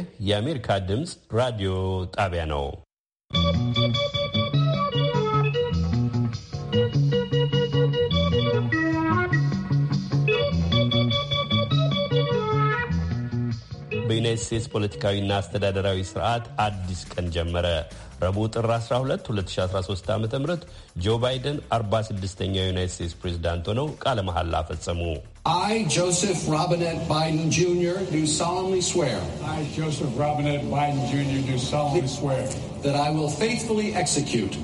ይህ የአሜሪካ ድምፅ ራዲዮ ጣቢያ ነው። በዩናይት ስቴትስ ፖለቲካዊና አስተዳደራዊ ስርዓት አዲስ ቀን ጀመረ። ረቡዕ ጥር 12 2013 ዓ ም ጆ ባይደን 46ኛው የዩናይት ስቴትስ ፕሬዝዳንት ሆነው ቃለ መሐላ ፈጸሙ። I, Joseph Robinette Biden Jr., do solemnly swear. I, Joseph Robinette Biden Jr., do solemnly swear. That I will faithfully execute.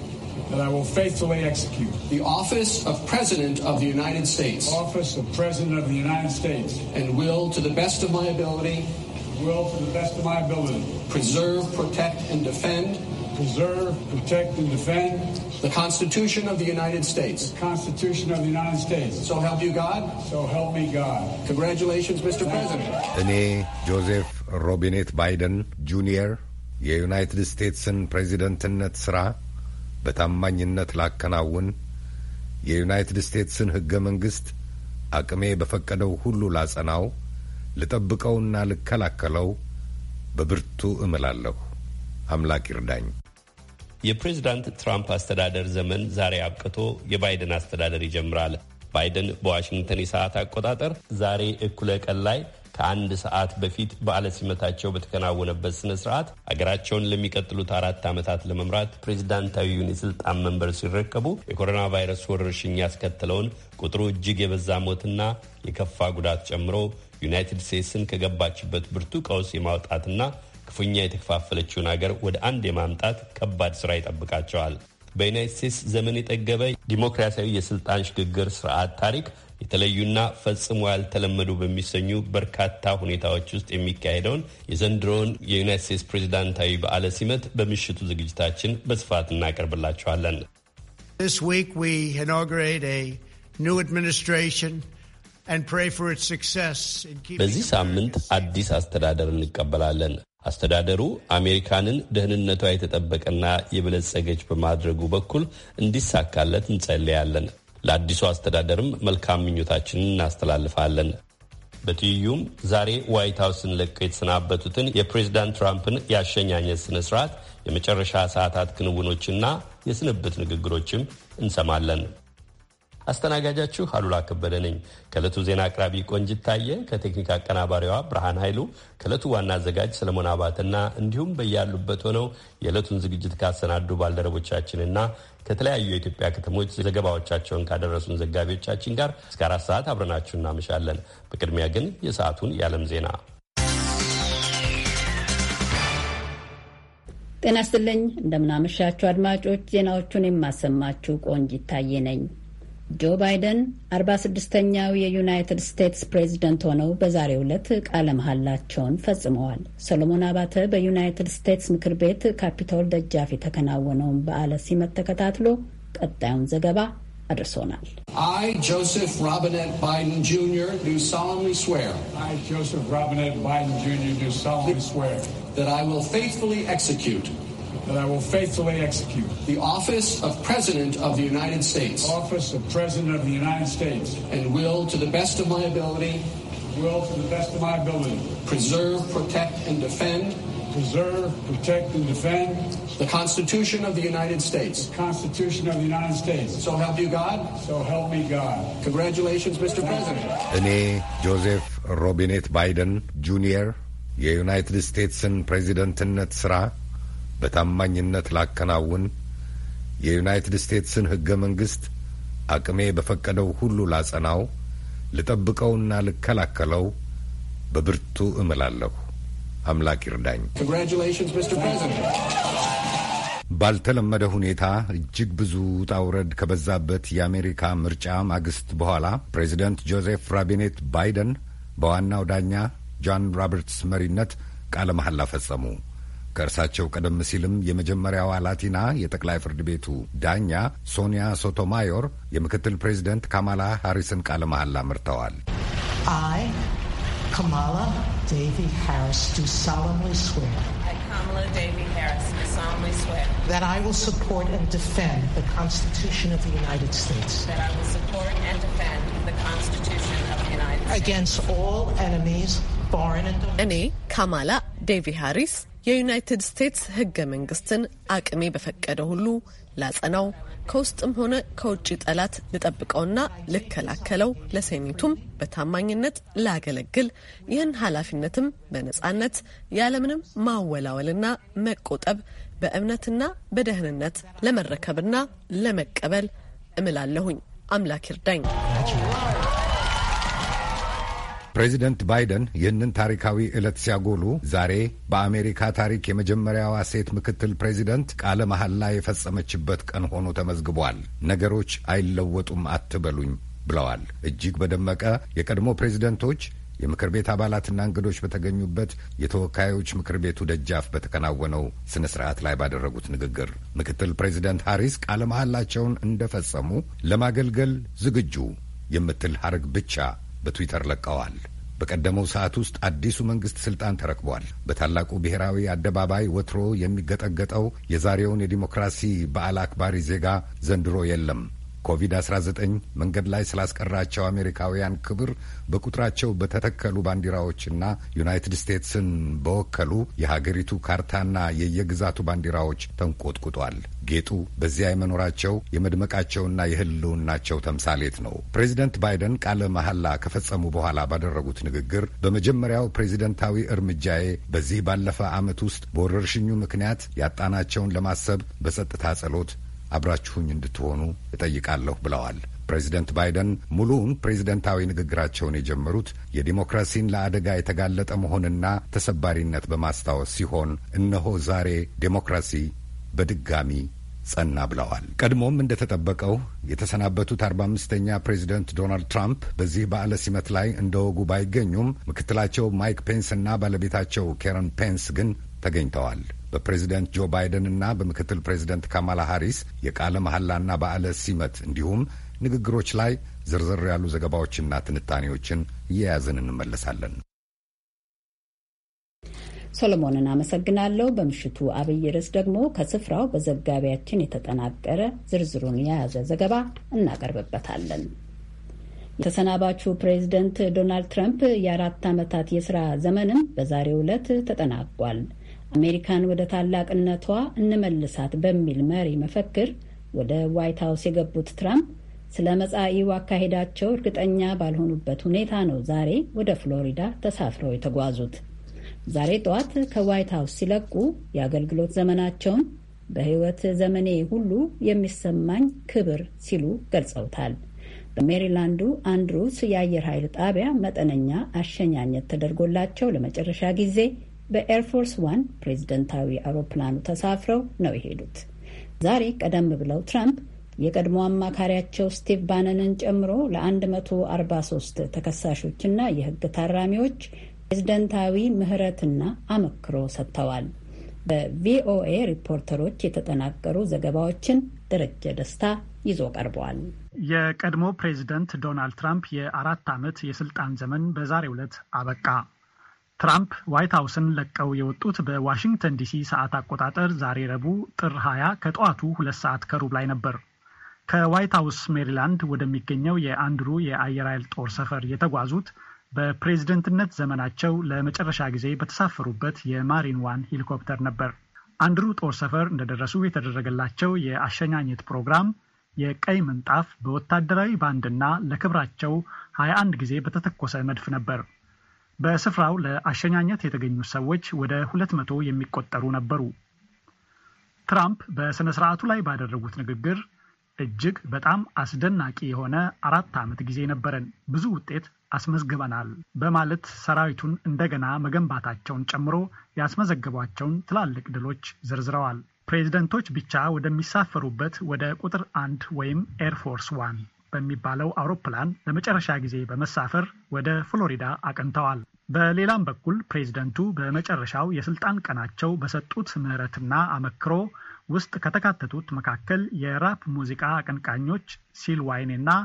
That I will faithfully execute. The office of President of the United States. Office of President of the United States. And will, to the best of my ability. Will, to the best of my ability. Preserve, protect, and defend. preserve, protect, and defend the Constitution of the United States. The Constitution of the United States. So help you God. So help me God. Congratulations, Mr. President. እኔ ጆዜፍ ሮቢኔት ባይደን ጁኒየር የዩናይትድ ስቴትስን ፕሬዚደንትነት ሥራ በታማኝነት ላከናውን፣ የዩናይትድ ስቴትስን ሕገ መንግሥት አቅሜ በፈቀደው ሁሉ ላጸናው፣ ልጠብቀውና ልከላከለው በብርቱ እምላለሁ። አምላክ ይርዳኝ። የፕሬዚዳንት ትራምፕ አስተዳደር ዘመን ዛሬ አብቅቶ የባይደን አስተዳደር ይጀምራል። ባይደን በዋሽንግተን የሰዓት አቆጣጠር ዛሬ እኩለ ቀን ላይ ከአንድ ሰዓት በፊት በዓለ ሲመታቸው በተከናወነበት ስነ ስርዓት አገራቸውን ለሚቀጥሉት አራት ዓመታት ለመምራት ፕሬዚዳንታዊውን የስልጣን መንበር ሲረከቡ የኮሮና ቫይረስ ወረርሽኝ ያስከተለውን ቁጥሩ እጅግ የበዛ ሞትና የከፋ ጉዳት ጨምሮ ዩናይትድ ስቴትስን ከገባችበት ብርቱ ቀውስ የማውጣትና ክፉኛ የተከፋፈለችውን ሀገር ወደ አንድ የማምጣት ከባድ ስራ ይጠብቃቸዋል። በዩናይት ስቴትስ ዘመን የጠገበ ዲሞክራሲያዊ የስልጣን ሽግግር ስርዓት ታሪክ የተለዩና ፈጽሞ ያልተለመዱ በሚሰኙ በርካታ ሁኔታዎች ውስጥ የሚካሄደውን የዘንድሮውን የዩናይት ስቴትስ ፕሬዚዳንታዊ በዓለ ሲመት በምሽቱ ዝግጅታችን በስፋት እናቀርብላችኋለን። This week we inaugurate a new administration and pray for its success በዚህ ሳምንት አዲስ አስተዳደር እንቀበላለን። አስተዳደሩ አሜሪካንን ደህንነቷ የተጠበቀና የበለጸገች በማድረጉ በኩል እንዲሳካለት እንጸልያለን። ለአዲሱ አስተዳደርም መልካም ምኞታችንን እናስተላልፋለን። በትይዩም ዛሬ ዋይት ሀውስን ለቀው የተሰናበቱትን የፕሬዚዳንት ትራምፕን የአሸኛኘት ስነ ስርዓት የመጨረሻ ሰዓታት ክንውኖችና የስንብት ንግግሮችም እንሰማለን። አስተናጋጃችሁ አሉላ ከበደ ነኝ። ከእለቱ ዜና አቅራቢ ቆንጅት ታየ፣ ከቴክኒክ አቀናባሪዋ ብርሃን ኃይሉ፣ ከእለቱ ዋና አዘጋጅ ሰለሞን አባትና እንዲሁም በያሉበት ሆነው የዕለቱን ዝግጅት ካሰናዱ ባልደረቦቻችንና ከተለያዩ የኢትዮጵያ ከተሞች ዘገባዎቻቸውን ካደረሱን ዘጋቢዎቻችን ጋር እስከ አራት ሰዓት አብረናችሁ እናመሻለን። በቅድሚያ ግን የሰዓቱን የዓለም ዜና ጤና ይስጥልኝ። እንደምናመሻችሁ አድማጮች፣ ዜናዎቹን የማሰማችሁ ቆንጅ ይታየ ነኝ። ጆ ባይደን 46ኛው የዩናይትድ ስቴትስ ፕሬዝደንት ሆነው በዛሬው ዕለት ቃለ መሐላቸውን ፈጽመዋል። ሰሎሞን አባተ በዩናይትድ ስቴትስ ምክር ቤት ካፒቶል ደጃፍ የተከናወነውን በዓለ ሲመት ተከታትሎ ቀጣዩን ዘገባ አድርሶናል። አይ ጆሴፍ ሮቢኔት ባይደን that I will faithfully execute the office of President of the United States. Office of President of the United States. And will, to the best of my ability, will, to the best of my ability, preserve, protect, and defend. Preserve, protect, and defend the Constitution of the United States. The Constitution of the United States. So help you God. So help me God. Congratulations, Mr. President. እኔ ጆዜፍ ሮቢኔት ባይደን ጁኒየር የዩናይትድ ስቴትስን ፕሬዚደንትነት ስራ በታማኝነት ላከናውን፣ የዩናይትድ ስቴትስን ሕገ መንግሥት አቅሜ በፈቀደው ሁሉ ላጸናው፣ ልጠብቀውና ልከላከለው በብርቱ እምላለሁ። አምላክ ይርዳኝ። ባልተለመደ ሁኔታ እጅግ ብዙ ውጣ ውረድ ከበዛበት የአሜሪካ ምርጫ ማግስት በኋላ ፕሬዚደንት ጆዜፍ ራቢኔት ባይደን በዋናው ዳኛ ጆን ሮበርትስ መሪነት ቃለ መሐላ ፈጸሙ። ከእርሳቸው ቀደም ሲልም የመጀመሪያዋ ላቲና የጠቅላይ ፍርድ ቤቱ ዳኛ ሶኒያ ሶቶማዮር የምክትል ፕሬዚደንት ካማላ ሃሪስን ቃለ መሐላ መርተዋል። እኔ ካማላ ዴቪ ሃሪስ የዩናይትድ ስቴትስ ህገ መንግስትን አቅሜ በፈቀደ ሁሉ ላጸናው ከውስጥም ሆነ ከውጭ ጠላት ልጠብቀውና ልከላከለው ለሴኔቱም በታማኝነት ላገለግል ይህን ኃላፊነትም በነጻነት ያለምንም ማወላወልና መቆጠብ በእምነትና በደህንነት ለመረከብና ለመቀበል እምላለሁኝ። አምላክ ይርዳኝ። ፕሬዚደንት ባይደን ይህንን ታሪካዊ ዕለት ሲያጎሉ ዛሬ በአሜሪካ ታሪክ የመጀመሪያዋ ሴት ምክትል ፕሬዚደንት ቃለ መሐላ የፈጸመችበት ቀን ሆኖ ተመዝግቧል። ነገሮች አይለወጡም አትበሉኝ ብለዋል። እጅግ በደመቀ የቀድሞ ፕሬዚደንቶች የምክር ቤት አባላትና እንግዶች በተገኙበት የተወካዮች ምክር ቤቱ ደጃፍ በተከናወነው ስነ ስርዓት ላይ ባደረጉት ንግግር ምክትል ፕሬዚደንት ሃሪስ ቃለ መሐላቸውን እንደፈጸሙ ለማገልገል ዝግጁ የምትል ሀረግ ብቻ በትዊተር ለቀዋል። በቀደመው ሰዓት ውስጥ አዲሱ መንግስት ስልጣን ተረክቧል። በታላቁ ብሔራዊ አደባባይ ወትሮ የሚገጠገጠው የዛሬውን የዲሞክራሲ በዓል አክባሪ ዜጋ ዘንድሮ የለም። ኮቪድ-19 መንገድ ላይ ስላስቀራቸው አሜሪካውያን ክብር በቁጥራቸው በተተከሉ ባንዲራዎችና ዩናይትድ ስቴትስን በወከሉ የሀገሪቱ ካርታና የየግዛቱ ባንዲራዎች ተንቆጥቁጧል። ጌጡ በዚያ የመኖራቸው የመድመቃቸውና የሕልውናቸው ተምሳሌት ነው። ፕሬዚደንት ባይደን ቃለ መሐላ ከፈጸሙ በኋላ ባደረጉት ንግግር በመጀመሪያው ፕሬዚደንታዊ እርምጃዬ በዚህ ባለፈ ዓመት ውስጥ በወረርሽኙ ምክንያት ያጣናቸውን ለማሰብ በጸጥታ ጸሎት አብራችሁኝ እንድትሆኑ እጠይቃለሁ ብለዋል። ፕሬዚደንት ባይደን ሙሉውን ፕሬዚደንታዊ ንግግራቸውን የጀመሩት የዲሞክራሲን ለአደጋ የተጋለጠ መሆንና ተሰባሪነት በማስታወስ ሲሆን እነሆ ዛሬ ዲሞክራሲ በድጋሚ ጸና ብለዋል። ቀድሞም እንደተጠበቀው የተሰናበቱት አርባ አምስተኛ ፕሬዚደንት ዶናልድ ትራምፕ በዚህ በዓለ ሲመት ላይ እንደ ወጉ ባይገኙም ምክትላቸው ማይክ ፔንስ እና ባለቤታቸው ኬረን ፔንስ ግን ተገኝተዋል። በፕሬዚደንት ጆ ባይደን እና በምክትል ፕሬዚደንት ካማላ ሃሪስ የቃለ መሐላና በዓለ ሲመት እንዲሁም ንግግሮች ላይ ዝርዝር ያሉ ዘገባዎችና ትንታኔዎችን እየያዝን እንመለሳለን። ሶሎሞንን አመሰግናለሁ። በምሽቱ አብይ ርዕስ ደግሞ ከስፍራው በዘጋቢያችን የተጠናቀረ ዝርዝሩን የያዘ ዘገባ እናቀርብበታለን። የተሰናባቹ ፕሬዚደንት ዶናልድ ትራምፕ የአራት ዓመታት የስራ ዘመንም በዛሬው ዕለት ተጠናቋል። አሜሪካን ወደ ታላቅነቷ እንመልሳት በሚል መሪ መፈክር ወደ ዋይት ሀውስ የገቡት ትራምፕ ስለ መጻኢው አካሄዳቸው እርግጠኛ ባልሆኑበት ሁኔታ ነው ዛሬ ወደ ፍሎሪዳ ተሳፍረው የተጓዙት። ዛሬ ጠዋት ከዋይት ሀውስ ሲለቁ የአገልግሎት ዘመናቸውን በሕይወት ዘመኔ ሁሉ የሚሰማኝ ክብር ሲሉ ገልጸውታል። በሜሪላንዱ አንድሩስ የአየር ኃይል ጣቢያ መጠነኛ አሸኛኘት ተደርጎላቸው ለመጨረሻ ጊዜ በኤርፎርስ ዋን ፕሬዝደንታዊ አውሮፕላኑ ተሳፍረው ነው የሄዱት። ዛሬ ቀደም ብለው ትራምፕ የቀድሞ አማካሪያቸው ስቲቭ ባነንን ጨምሮ ለ143 ተከሳሾችና የሕግ ታራሚዎች ፕሬዝደንታዊ ምህረትና አመክሮ ሰጥተዋል። በቪኦኤ ሪፖርተሮች የተጠናቀሩ ዘገባዎችን ደረጀ ደስታ ይዞ ቀርበዋል። የቀድሞ ፕሬዝደንት ዶናልድ ትራምፕ የአራት ዓመት የስልጣን ዘመን በዛሬው ዕለት አበቃ። ትራምፕ ዋይት ሀውስን ለቀው የወጡት በዋሽንግተን ዲሲ ሰዓት አቆጣጠር ዛሬ ረቡዕ ጥር 20 ከጠዋቱ ሁለት ሰዓት ከሩብ ላይ ነበር። ከዋይት ሀውስ ሜሪላንድ ወደሚገኘው የአንድሩ የአየር ኃይል ጦር ሰፈር የተጓዙት በፕሬዝደንትነት ዘመናቸው ለመጨረሻ ጊዜ በተሳፈሩበት የማሪን ዋን ሄሊኮፕተር ነበር። አንድሩ ጦር ሰፈር እንደደረሱ የተደረገላቸው የአሸኛኘት ፕሮግራም የቀይ ምንጣፍ በወታደራዊ ባንድና ለክብራቸው 21 ጊዜ በተተኮሰ መድፍ ነበር። በስፍራው ለአሸኛኘት የተገኙ ሰዎች ወደ ሁለት መቶ የሚቆጠሩ ነበሩ። ትራምፕ በሥነ ሥርዓቱ ላይ ባደረጉት ንግግር እጅግ በጣም አስደናቂ የሆነ አራት ዓመት ጊዜ ነበረን፣ ብዙ ውጤት አስመዝግበናል በማለት ሰራዊቱን እንደገና መገንባታቸውን ጨምሮ ያስመዘገቧቸውን ትላልቅ ድሎች ዘርዝረዋል። ፕሬዝደንቶች ብቻ ወደሚሳፈሩበት ወደ ቁጥር አንድ ወይም ኤርፎርስ ዋን በሚባለው አውሮፕላን ለመጨረሻ ጊዜ በመሳፈር ወደ ፍሎሪዳ አቅንተዋል። በሌላም በኩል ፕሬዝደንቱ በመጨረሻው የስልጣን ቀናቸው በሰጡት ምህረትና አመክሮ ውስጥ ከተካተቱት መካከል የራፕ ሙዚቃ አቀንቃኞች ሲል ና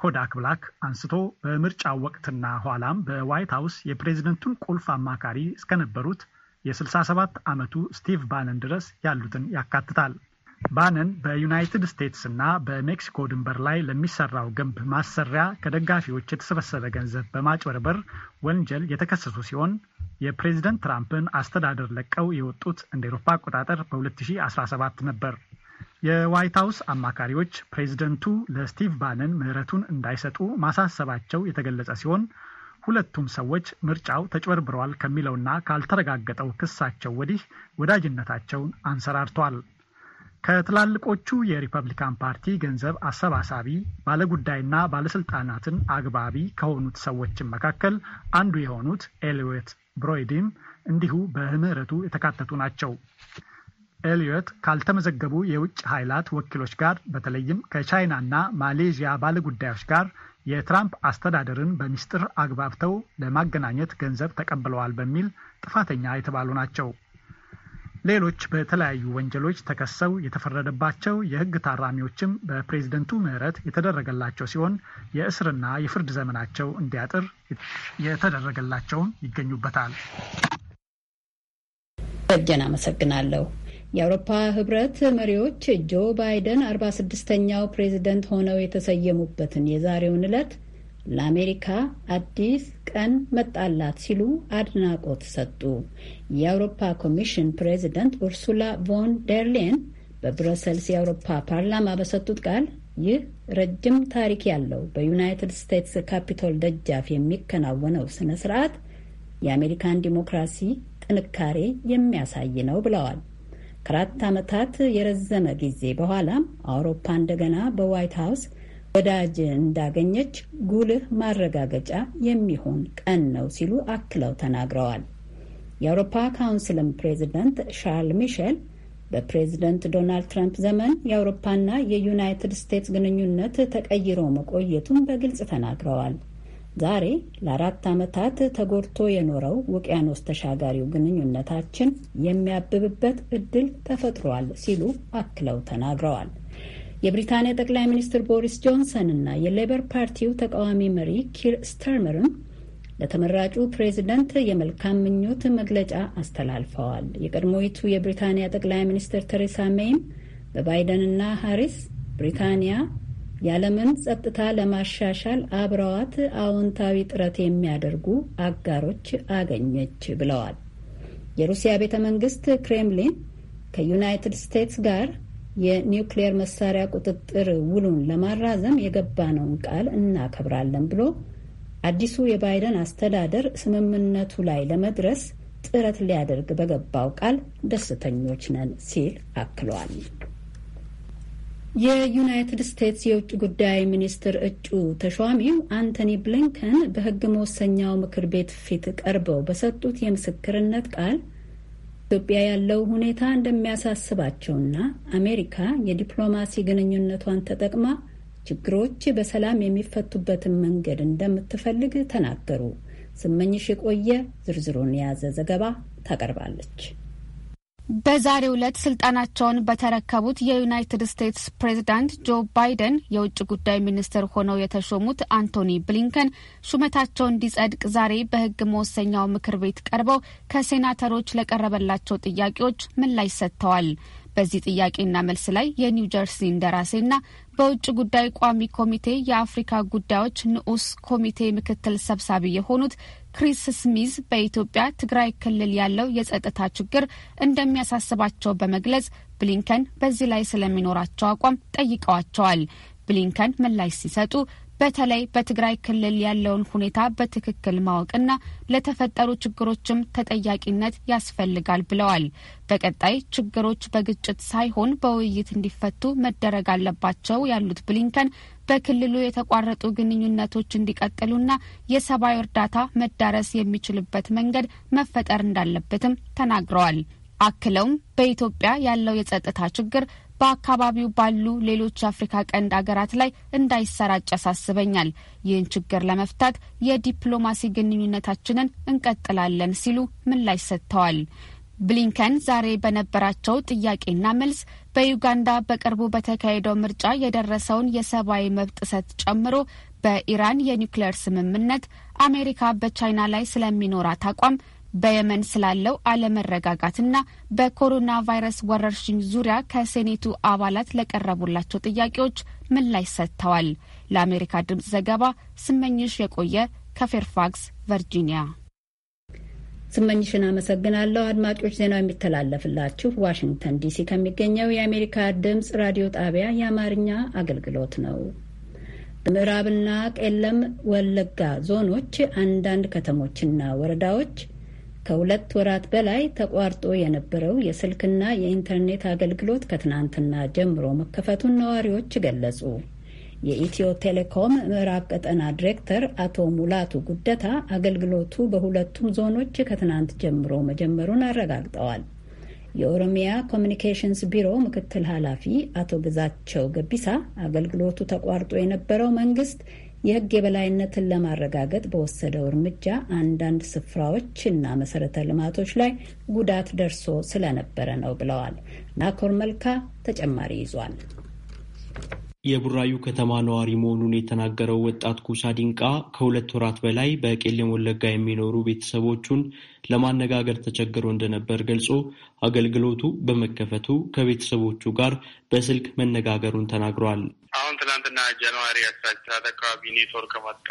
ኮዳክ ብላክ አንስቶ በምርጫው ወቅትና ኋላም በዋይት ሀውስ የፕሬዝደንቱን ቁልፍ አማካሪ እስከነበሩት የ67 ዓመቱ ስቲቭ ባነን ድረስ ያሉትን ያካትታል። ባነን በዩናይትድ ስቴትስ እና በሜክሲኮ ድንበር ላይ ለሚሰራው ግንብ ማሰሪያ ከደጋፊዎች የተሰበሰበ ገንዘብ በማጭበርበር ወንጀል የተከሰሱ ሲሆን የፕሬዚደንት ትራምፕን አስተዳደር ለቀው የወጡት እንደ ኤሮፓ አቆጣጠር በ2017 ነበር። የዋይት ሀውስ አማካሪዎች ፕሬዚደንቱ ለስቲቭ ባነን ምህረቱን እንዳይሰጡ ማሳሰባቸው የተገለጸ ሲሆን ሁለቱም ሰዎች ምርጫው ተጭበርብረዋል ከሚለውና ካልተረጋገጠው ክሳቸው ወዲህ ወዳጅነታቸውን አንሰራርተዋል። ከትላልቆቹ የሪፐብሊካን ፓርቲ ገንዘብ አሰባሳቢ ባለጉዳይና ባለስልጣናትን አግባቢ ከሆኑት ሰዎችም መካከል አንዱ የሆኑት ኤሊዮት ብሮይዲም እንዲሁ በምህረቱ የተካተቱ ናቸው። ኤሊዮት ካልተመዘገቡ የውጭ ኃይላት ወኪሎች ጋር በተለይም ከቻይናና ማሌዥያ ባለጉዳዮች ጋር የትራምፕ አስተዳደርን በሚስጥር አግባብተው ለማገናኘት ገንዘብ ተቀብለዋል በሚል ጥፋተኛ የተባሉ ናቸው። ሌሎች በተለያዩ ወንጀሎች ተከሰው የተፈረደባቸው የሕግ ታራሚዎችም በፕሬዝደንቱ ምህረት የተደረገላቸው ሲሆን የእስርና የፍርድ ዘመናቸው እንዲያጥር የተደረገላቸውም ይገኙበታል። ደጀን አመሰግናለሁ። የአውሮፓ ህብረት መሪዎች ጆ ባይደን አርባ ስድስተኛው ፕሬዝደንት ሆነው የተሰየሙበትን የዛሬውን ዕለት ለአሜሪካ አዲስ ቀን መጣላት ሲሉ አድናቆት ሰጡ። የአውሮፓ ኮሚሽን ፕሬዚደንት ኡርሱላ ቮን ደር በብረሰልስ የአውሮፓ ፓርላማ በሰጡት ቃል ይህ ረጅም ታሪክ ያለው በዩናይትድ ስቴትስ ካፒቶል ደጃፍ የሚከናወነው ስነ ስርዓት የአሜሪካን ዲሞክራሲ ጥንካሬ የሚያሳይ ነው ብለዋል። ከአራት ዓመታት የረዘመ ጊዜ በኋላም አውሮፓ እንደገና በዋይት ሀውስ ወዳጅ እንዳገኘች ጉልህ ማረጋገጫ የሚሆን ቀን ነው ሲሉ አክለው ተናግረዋል። የአውሮፓ ካውንስልም ፕሬዚደንት ሻርል ሚሼል በፕሬዚደንት ዶናልድ ትራምፕ ዘመን የአውሮፓና የዩናይትድ ስቴትስ ግንኙነት ተቀይሮ መቆየቱን በግልጽ ተናግረዋል። ዛሬ ለአራት ዓመታት ተጎድቶ የኖረው ውቅያኖስ ተሻጋሪው ግንኙነታችን የሚያብብበት እድል ተፈጥሯል ሲሉ አክለው ተናግረዋል። የብሪታንያ ጠቅላይ ሚኒስትር ቦሪስ ጆንሰን እና የሌበር ፓርቲው ተቃዋሚ መሪ ኪር ስተርመርም ለተመራጩ ፕሬዝደንት የመልካም ምኞት መግለጫ አስተላልፈዋል። የቀድሞይቱ የብሪታንያ ጠቅላይ ሚኒስትር ቴሬሳ ሜይም በባይደንና ሃሪስ ብሪታንያ የዓለምን ጸጥታ ለማሻሻል አብረዋት አዎንታዊ ጥረት የሚያደርጉ አጋሮች አገኘች ብለዋል። የሩሲያ ቤተ መንግስት ክሬምሊን ከዩናይትድ ስቴትስ ጋር የኒውክሌር መሳሪያ ቁጥጥር ውሉን ለማራዘም የገባነውን ቃል እናከብራለን ብሎ አዲሱ የባይደን አስተዳደር ስምምነቱ ላይ ለመድረስ ጥረት ሊያደርግ በገባው ቃል ደስተኞች ነን ሲል አክሏል። የዩናይትድ ስቴትስ የውጭ ጉዳይ ሚኒስትር እጩ ተሿሚው አንቶኒ ብሊንከን በሕግ መወሰኛው ምክር ቤት ፊት ቀርበው በሰጡት የምስክርነት ቃል ኢትዮጵያ ያለው ሁኔታ እንደሚያሳስባቸውና አሜሪካ የዲፕሎማሲ ግንኙነቷን ተጠቅማ ችግሮች በሰላም የሚፈቱበትን መንገድ እንደምትፈልግ ተናገሩ። ስመኝሽ የቆየ ዝርዝሩን የያዘ ዘገባ ታቀርባለች። በዛሬው ዕለት ስልጣናቸውን በተረከቡት የዩናይትድ ስቴትስ ፕሬዝዳንት ጆ ባይደን የውጭ ጉዳይ ሚኒስትር ሆነው የተሾሙት አንቶኒ ብሊንከን ሹመታቸው እንዲጸድቅ ዛሬ በሕግ መወሰኛው ምክር ቤት ቀርበው ከሴናተሮች ለቀረበላቸው ጥያቄዎች ምላሽ ሰጥተዋል። በዚህ ጥያቄና መልስ ላይ የኒው ጀርሲ እንደራሴና በውጭ ጉዳይ ቋሚ ኮሚቴ የአፍሪካ ጉዳዮች ንዑስ ኮሚቴ ምክትል ሰብሳቢ የሆኑት ክሪስ ስሚዝ በኢትዮጵያ ትግራይ ክልል ያለው የጸጥታ ችግር እንደሚያሳስባቸው በመግለጽ ብሊንከን በዚህ ላይ ስለሚኖራቸው አቋም ጠይቀዋቸዋል። ብሊንከን ምላሽ ሲሰጡ በተለይ በትግራይ ክልል ያለውን ሁኔታ በትክክል ማወቅና ለተፈጠሩ ችግሮችም ተጠያቂነት ያስፈልጋል ብለዋል። በቀጣይ ችግሮች በግጭት ሳይሆን በውይይት እንዲፈቱ መደረግ አለባቸው ያሉት ብሊንከን በክልሉ የተቋረጡ ግንኙነቶች እንዲቀጥሉና የሰብአዊ እርዳታ መዳረስ የሚችልበት መንገድ መፈጠር እንዳለበትም ተናግረዋል። አክለውም በኢትዮጵያ ያለው የጸጥታ ችግር በአካባቢው ባሉ ሌሎች የአፍሪካ ቀንድ አገራት ላይ እንዳይሰራጭ ያሳስበኛል። ይህን ችግር ለመፍታት የዲፕሎማሲ ግንኙነታችንን እንቀጥላለን ሲሉ ምላሽ ሰጥተዋል። ብሊንከን ዛሬ በነበራቸው ጥያቄና መልስ በዩጋንዳ በቅርቡ በተካሄደው ምርጫ የደረሰውን የሰብአዊ መብት ጥሰት ጨምሮ በኢራን የኒውክሌር ስምምነት አሜሪካ በቻይና ላይ ስለሚኖራት አቋም በየመን ስላለው አለመረጋጋትና በኮሮና ቫይረስ ወረርሽኝ ዙሪያ ከሴኔቱ አባላት ለቀረቡላቸው ጥያቄዎች ምላሽ ሰጥተዋል። ለአሜሪካ ድምፅ ዘገባ ስመኝሽ የቆየ ከፌርፋክስ ቨርጂኒያ። ስመኝሽን አመሰግናለሁ። አድማጮች፣ ዜናው የሚተላለፍላችሁ ዋሽንግተን ዲሲ ከሚገኘው የአሜሪካ ድምፅ ራዲዮ ጣቢያ የአማርኛ አገልግሎት ነው። ምዕራብና ቄለም ወለጋ ዞኖች አንዳንድ ከተሞችና ወረዳዎች ከሁለት ወራት በላይ ተቋርጦ የነበረው የስልክና የኢንተርኔት አገልግሎት ከትናንትና ጀምሮ መከፈቱን ነዋሪዎች ገለጹ። የኢትዮ ቴሌኮም ምዕራብ ቀጠና ዲሬክተር አቶ ሙላቱ ጉደታ አገልግሎቱ በሁለቱም ዞኖች ከትናንት ጀምሮ መጀመሩን አረጋግጠዋል። የኦሮሚያ ኮሚኒኬሽንስ ቢሮ ምክትል ኃላፊ አቶ ግዛቸው ገቢሳ አገልግሎቱ ተቋርጦ የነበረው መንግስት የህግ የበላይነትን ለማረጋገጥ በወሰደው እርምጃ አንዳንድ ስፍራዎች እና መሰረተ ልማቶች ላይ ጉዳት ደርሶ ስለነበረ ነው ብለዋል። ናኮር መልካ ተጨማሪ ይዟል። የቡራዩ ከተማ ነዋሪ መሆኑን የተናገረው ወጣት ኩሳ ዲንቃ ከሁለት ወራት በላይ በቄሌም ወለጋ የሚኖሩ ቤተሰቦቹን ለማነጋገር ተቸግሮ እንደነበር ገልጾ አገልግሎቱ በመከፈቱ ከቤተሰቦቹ ጋር በስልክ መነጋገሩን ተናግሯል። አሁን ትናንትና ጃንዋሪ አስራ አራት አካባቢ ኔትወርክ ከመጣ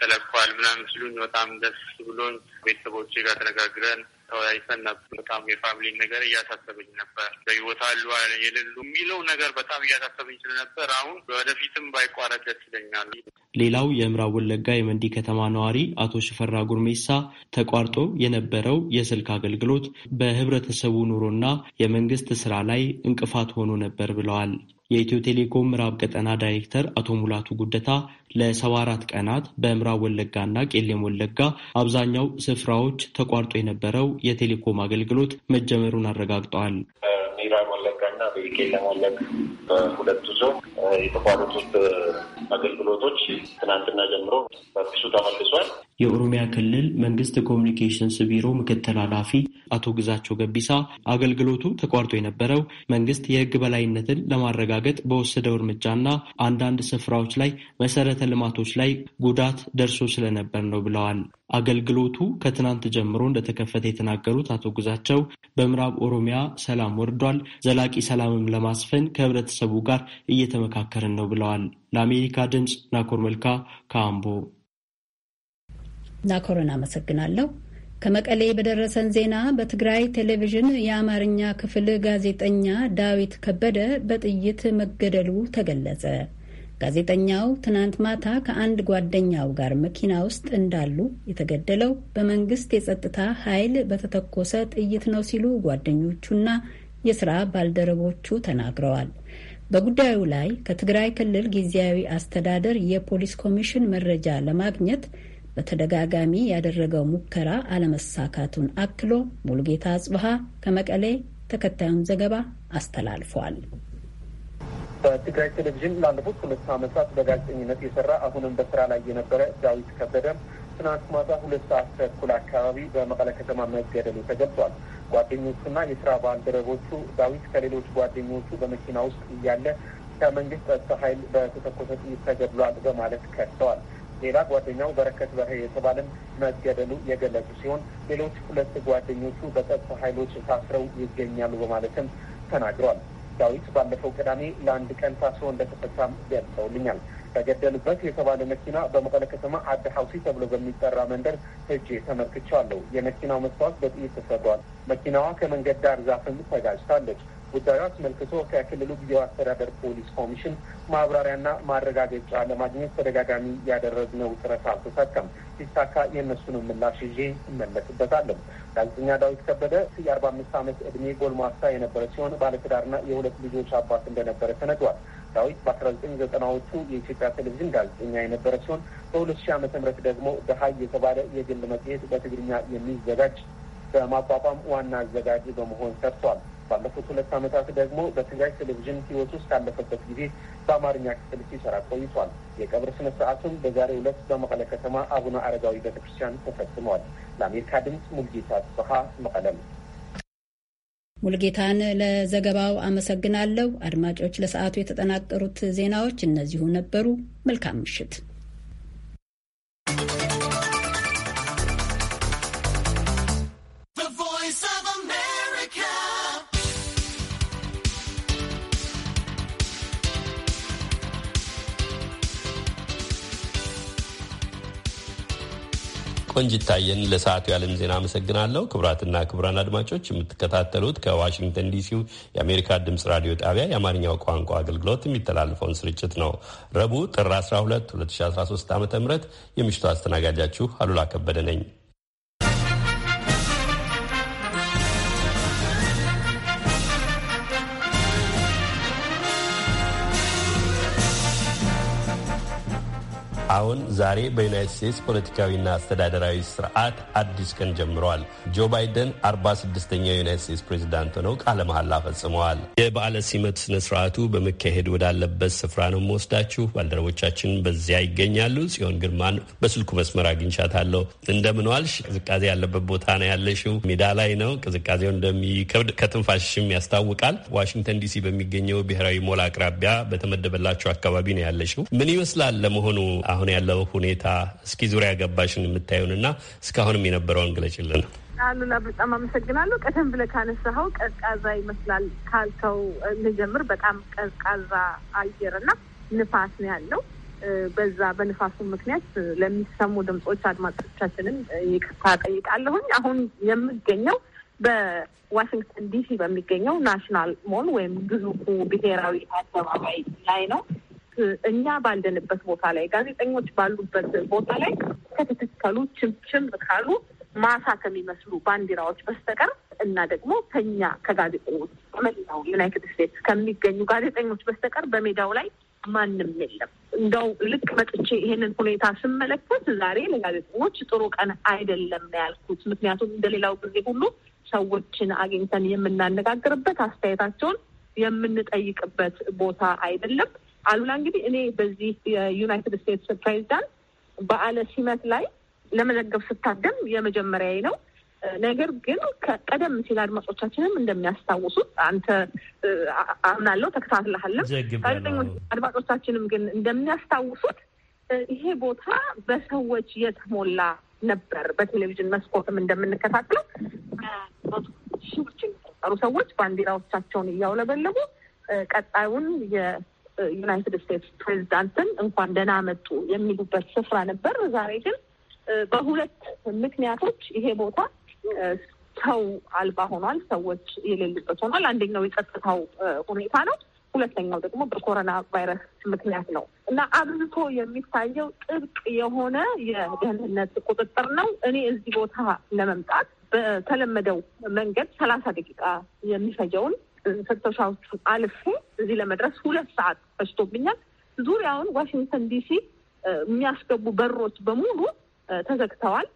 ተለኳል ምናምን ሲሉኝ በጣም ደስ ብሎኝ ቤተሰቦች ጋር ተነጋግረን ተወያይተን ነበር። በጣም የፋሚሊ ነገር እያሳሰበኝ ነበር። በህይወት አሉ የሌሉ የሚለው ነገር በጣም እያሳሰበኝ ስለነበር አሁን ወደፊትም ባይቋረጥ ደስ ይለኛል። ሌላው የምዕራብ ወለጋ የመንዲ ከተማ ነዋሪ አቶ ሽፈራ ጉርሜሳ ተቋርጦ የነበረው የስልክ አገልግሎት በህብረተሰቡ ኑሮና የመንግስት ስራ ላይ እንቅፋት ሆኖ ነበር ብለዋል። የኢትዮ ቴሌኮም ምዕራብ ቀጠና ዳይሬክተር አቶ ሙላቱ ጉደታ ለሰባ አራት ቀናት በምዕራብ ወለጋና ቄሌም ወለጋ አብዛኛው ስፍራዎች ተቋርጦ የነበረው የቴሌኮም አገልግሎት መጀመሩን አረጋግጠዋል። በምዕራብ ወለጋና በቄሌም ወለጋ በሁለቱ ዞን የተቋረጡት አገልግሎቶች ትናንትና ጀምሮ በፊሱ ተመልሷል። የኦሮሚያ ክልል መንግስት ኮሚኒኬሽንስ ቢሮ ምክትል ኃላፊ አቶ ግዛቸው ገቢሳ አገልግሎቱ ተቋርጦ የነበረው መንግስት የህግ በላይነትን ለማረጋገጥ በወሰደው እርምጃና አንዳንድ ስፍራዎች ላይ መሰረተ ልማቶች ላይ ጉዳት ደርሶ ስለነበር ነው ብለዋል። አገልግሎቱ ከትናንት ጀምሮ እንደተከፈተ የተናገሩት አቶ ግዛቸው በምዕራብ ኦሮሚያ ሰላም ወርዷል፣ ዘላቂ ሰላምም ለማስፈን ከህብረተሰቡ ጋር እየተመካከርን ነው ብለዋል። ለአሜሪካ ድምፅ ናኮር መልካ ከአምቦ ናኮረን አመሰግናለሁ። ከመቀሌ በደረሰን ዜና በትግራይ ቴሌቪዥን የአማርኛ ክፍል ጋዜጠኛ ዳዊት ከበደ በጥይት መገደሉ ተገለጸ። ጋዜጠኛው ትናንት ማታ ከአንድ ጓደኛው ጋር መኪና ውስጥ እንዳሉ የተገደለው በመንግስት የጸጥታ ኃይል በተተኮሰ ጥይት ነው ሲሉ ጓደኞቹና የስራ ባልደረቦቹ ተናግረዋል። በጉዳዩ ላይ ከትግራይ ክልል ጊዜያዊ አስተዳደር የፖሊስ ኮሚሽን መረጃ ለማግኘት በተደጋጋሚ ያደረገው ሙከራ አለመሳካቱን አክሎ ሙሉጌታ አጽብሃ ከመቀሌ ተከታዩን ዘገባ አስተላልፏል። በትግራይ ቴሌቪዥን ላለፉት ሁለት ዓመታት በጋዜጠኝነት የሰራ አሁንም በስራ ላይ የነበረ ዳዊት ከበደ ትናንት ማታ ሁለት ሰዓት ተኩል አካባቢ በመቀለ ከተማ መገደሉ ተገልጿል። ጓደኞቹና የስራ ባልደረቦቹ ዳዊት ከሌሎች ጓደኞቹ በመኪና ውስጥ እያለ ከመንግስት ጸጥታ ኃይል በተተኮሰ ጥይት ተገድሏል በማለት ከሰዋል። ሌላ ጓደኛው በረከት በርሄ የተባለም መገደሉ የገለጹ ሲሆን ሌሎች ሁለት ጓደኞቹ በጸጥታ ኃይሎች ታስረው ይገኛሉ በማለትም ተናግረዋል። ዳዊት ባለፈው ቅዳሜ ለአንድ ቀን ታስሮ እንደተፈታም ገልጸውልኛል። ተገደሉበት የተባለ መኪና በመቀለ ከተማ አደ ሀውሲ ተብሎ በሚጠራ መንደር ህጅ ተመልክቻለሁ። የመኪናው መስታወት በጥይት ተሰብሯል። መኪናዋ ከመንገድ ዳር ዛፍም ተጋጭታለች። ጉዳዩ አስመልክቶ ከክልሉ ጊዜያዊ አስተዳደር ፖሊስ ኮሚሽን ማብራሪያና ማረጋገጫ ለማግኘት ተደጋጋሚ ያደረግነው ጥረት አልተሳካም። ሲሳካ የእነሱንም ምላሽ ይዤ እመለስበታለሁ። ጋዜጠኛ ዳዊት ከበደ የአርባ አምስት ዓመት ዕድሜ ጎልማሳ የነበረ ሲሆን ባለትዳርና የሁለት ልጆች አባት እንደነበረ ተነግሯል። ዳዊት በአስራ ዘጠኝ ዘጠናዎቹ የኢትዮጵያ ቴሌቪዥን ጋዜጠኛ የነበረ ሲሆን በሁለት ሺህ ዓመተ ምህረት ደግሞ ደሀይ የተባለ የግል መጽሔት በትግርኛ የሚዘጋጅ በማቋቋም ዋና አዘጋጅ በመሆን ሰርቷል። ባለፉት ሁለት ዓመታት ደግሞ በትግራይ ቴሌቪዥን ውስጥ ካለፈበት ጊዜ በአማርኛ ክፍል ሲሰራ ቆይቷል። የቀብር ስነ ስርዓቱም በዛሬ ሁለት በመቀለ ከተማ አቡነ አረጋዊ ቤተ ክርስቲያን ተፈጽመዋል። ለአሜሪካ ድምፅ ሙልጌታ ጽሀ መቀለም። ሙልጌታን ለዘገባው አመሰግናለሁ። አድማጮች፣ ለሰዓቱ የተጠናቀሩት ዜናዎች እነዚሁ ነበሩ። መልካም ምሽት። ቆንጅታየን ለሰዓቱ የዓለም ዜና አመሰግናለሁ። ክቡራትና ክቡራን አድማጮች የምትከታተሉት ከዋሽንግተን ዲሲው የአሜሪካ ድምፅ ራዲዮ ጣቢያ የአማርኛው ቋንቋ አገልግሎት የሚተላለፈውን ስርጭት ነው። ረቡዕ ጥር 12 2013 ዓ ም የምሽቱ አስተናጋጃችሁ አሉላ ከበደ ነኝ። አሁን ዛሬ በዩናይት ስቴትስ ፖለቲካዊና አስተዳደራዊ ስርዓት አዲስ ቀን ጀምረዋል። ጆ ባይደን 46ኛው የዩናይትድ ስቴትስ ፕሬዚዳንት ሆነው ቃለ መሐላ ፈጽመዋል። የበዓለ ሲመት ስነ ስርዓቱ በመካሄድ ወዳለበት ስፍራ ነው መወስዳችሁ። ባልደረቦቻችን በዚያ ይገኛሉ። ጽዮን ግርማን በስልኩ መስመር አግኝቻታለሁ። እንደምን ዋልሽ? ቅዝቃዜ ያለበት ቦታ ነው ያለሽው። ሜዳ ላይ ነው። ቅዝቃዜው እንደሚከብድ ከትንፋሽሽም ያስታውቃል። ዋሽንግተን ዲሲ በሚገኘው ብሔራዊ ሞል አቅራቢያ በተመደበላቸው አካባቢ ነው ያለሽው። ምን ይመስላል ለመሆኑ አሁን አሁን ያለው ሁኔታ እስኪ ዙሪያ ገባሽን የምታየውንና እስካሁንም የነበረውን ግለጭልን። አሉላ በጣም አመሰግናለሁ። ቀደም ብለህ ካነሳኸው ቀዝቃዛ ይመስላል ካልተው እንጀምር። በጣም ቀዝቃዛ አየር ንፋስ ነው ያለው። በዛ በንፋሱ ምክንያት ለሚሰሙ ድምጾች አድማጮቻችንን ይቅርታ ጠይቃለሁኝ። አሁን የምገኘው በዋሽንግተን ዲሲ በሚገኘው ናሽናል ሞል ወይም ግዙፉ ብሔራዊ አደባባይ ላይ ነው። እኛ ባለንበት ቦታ ላይ ጋዜጠኞች ባሉበት ቦታ ላይ ከተተከሉ ችምችም ካሉ ማሳ ከሚመስሉ ባንዲራዎች በስተቀር እና ደግሞ ከኛ ከጋዜጠኞች በመላው ዩናይትድ ስቴትስ ከሚገኙ ጋዜጠኞች በስተቀር በሜዳው ላይ ማንም የለም። እንደው ልክ መጥቼ ይሄንን ሁኔታ ስመለከት ዛሬ ለጋዜጠኞች ጥሩ ቀን አይደለም ያልኩት፣ ምክንያቱም እንደሌላው ጊዜ ሁሉ ሰዎችን አግኝተን የምናነጋግርበት አስተያየታቸውን የምንጠይቅበት ቦታ አይደለም። አሉላ እንግዲህ እኔ በዚህ የዩናይትድ ስቴትስ ፕሬዚዳንት በዓለ ሲመት ላይ ለመዘገብ ስታደም የመጀመሪያ ነው። ነገር ግን ከቀደም ሲል አድማጮቻችንም እንደሚያስታውሱት አንተ አምናለሁ ተከታትለሃለም፣ አድማጮቻችንም ግን እንደሚያስታውሱት ይሄ ቦታ በሰዎች የተሞላ ነበር። በቴሌቪዥን መስኮትም እንደምንከታተለው ሺዎች የሚቆጠሩ ሰዎች ባንዲራዎቻቸውን እያውለበለቡ ቀጣዩን ዩናይትድ ስቴትስ ፕሬዚዳንትን እንኳን ደህና መጡ የሚሉበት ስፍራ ነበር። ዛሬ ግን በሁለት ምክንያቶች ይሄ ቦታ ሰው አልባ ሆኗል። ሰዎች የሌሉበት ሆኗል። አንደኛው የጸጥታው ሁኔታ ነው። ሁለተኛው ደግሞ በኮሮና ቫይረስ ምክንያት ነው እና አብዝቶ የሚታየው ጥብቅ የሆነ የደህንነት ቁጥጥር ነው። እኔ እዚህ ቦታ ለመምጣት በተለመደው መንገድ ሰላሳ ደቂቃ የሚፈጀውን ፍተሻ ውስጥ አልፌ እዚህ ለመድረስ ሁለት ሰዓት ፈጅቶብኛል። ዙሪያውን ዋሽንግተን ዲሲ የሚያስገቡ በሮች በሙሉ ተዘግተዋል፣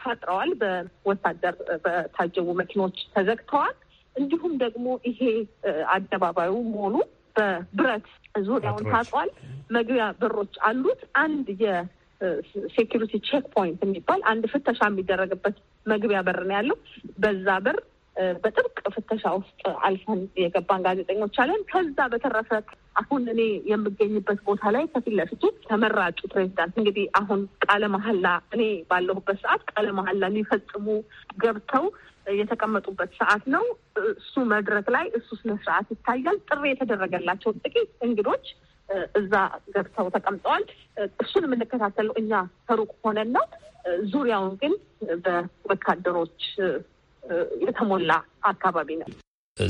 ታጥረዋል፣ በወታደር በታጀቡ መኪኖች ተዘግተዋል። እንዲሁም ደግሞ ይሄ አደባባዩ ሞሉ በብረት ዙሪያውን ታጥሯል። መግቢያ በሮች አሉት። አንድ የሴኪሪቲ ቼክ ፖይንት የሚባል አንድ ፍተሻ የሚደረግበት መግቢያ በር ነው ያለው። በዛ በር በጥብቅ ፍተሻ ውስጥ አልፈን የገባን ጋዜጠኞች አለን። ከዛ በተረፈ አሁን እኔ የምገኝበት ቦታ ላይ ከፊት ለፊቱ ተመራጩ ፕሬዚዳንት እንግዲህ አሁን ቃለ መሀላ እኔ ባለሁበት ሰዓት ቃለ መሀላ ሊፈጽሙ ገብተው የተቀመጡበት ሰዓት ነው። እሱ መድረክ ላይ እሱ ስነ ስርዓት ይታያል። ጥሪ የተደረገላቸው ጥቂት እንግዶች እዛ ገብተው ተቀምጠዋል። እሱን የምንከታተለው እኛ ከሩቅ ሆነን ነው። ዙሪያውን ግን በወታደሮች የተሞላ አካባቢ ነው።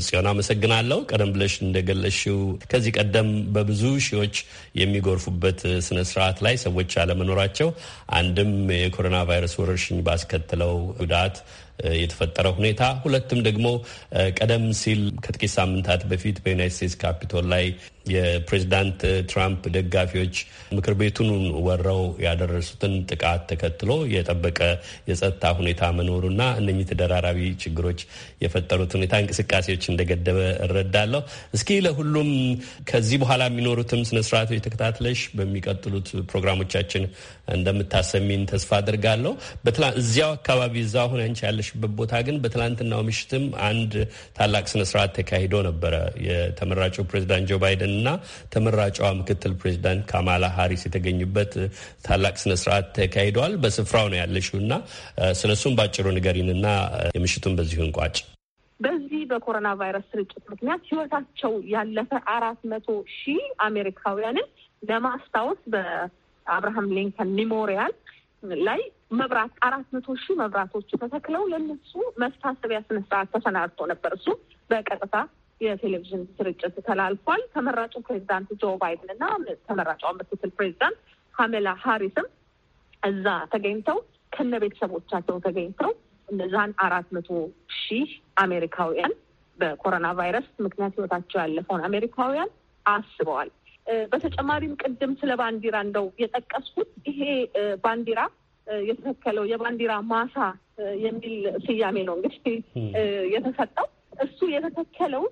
ጽዮን አመሰግናለሁ። ቀደም ብለሽ እንደገለሽው ከዚህ ቀደም በብዙ ሺዎች የሚጎርፉበት ስነ ስርዓት ላይ ሰዎች አለመኖራቸው አንድም የኮሮና ቫይረስ ወረርሽኝ ባስከትለው ጉዳት የተፈጠረው ሁኔታ፣ ሁለትም ደግሞ ቀደም ሲል ከጥቂት ሳምንታት በፊት በዩናይት ስቴትስ ካፒቶል ላይ የፕሬዚዳንት ትራምፕ ደጋፊዎች ምክር ቤቱን ወረው ያደረሱትን ጥቃት ተከትሎ የጠበቀ የጸጥታ ሁኔታ መኖሩና እነኚህ ተደራራቢ ችግሮች የፈጠሩት ሁኔታ እንቅስቃሴዎች እንደገደበ እረዳለሁ። እስኪ ለሁሉም ከዚህ በኋላ የሚኖሩትም ስነስርዓቶች ተከታትለሽ በሚቀጥሉት ፕሮግራሞቻችን እንደምታሰሚን ተስፋ አድርጋለሁ። በትላ እዚያው አካባቢ እዛ አሁን አንቺ ያለሽ በደረስሽበት ቦታ ግን በትላንትናው ምሽትም አንድ ታላቅ ስነስርዓት ተካሂዶ ነበረ። የተመራጩ ፕሬዚዳንት ጆ ባይደን እና ተመራጯ ምክትል ፕሬዚዳንት ካማላ ሀሪስ የተገኙበት ታላቅ ስነስርዓት ተካሂደዋል። በስፍራው ነው ያለሽው እና ስለ እሱም ባጭሩ ንገሪንና የምሽቱን በዚሁ እንቋጭ። በዚህ በኮሮና ቫይረስ ስርጭት ምክንያት ህይወታቸው ያለፈ አራት መቶ ሺህ አሜሪካውያንን ለማስታወስ በአብርሃም ሊንከን ሚሞሪያል ላይ መብራት አራት መቶ ሺህ መብራቶች ተተክለው ለነሱ መታሰቢያ ስነስርዓት ተሰናድቶ ነበር። እሱ በቀጥታ የቴሌቪዥን ስርጭት ተላልፏል። ተመራጩ ፕሬዚዳንት ጆ ባይደን እና ተመራጫው ምክትል ፕሬዚዳንት ካሜላ ሀሪስም እዛ ተገኝተው ከነ ቤተሰቦቻቸው ተገኝተው እነዛን አራት መቶ ሺህ አሜሪካውያን በኮሮና ቫይረስ ምክንያት ህይወታቸው ያለፈውን አሜሪካውያን አስበዋል። በተጨማሪም ቅድም ስለ ባንዲራ እንደው የጠቀስኩት ይሄ ባንዲራ የተተከለው የባንዲራ ማሳ የሚል ስያሜ ነው እንግዲህ የተሰጠው። እሱ የተተከለው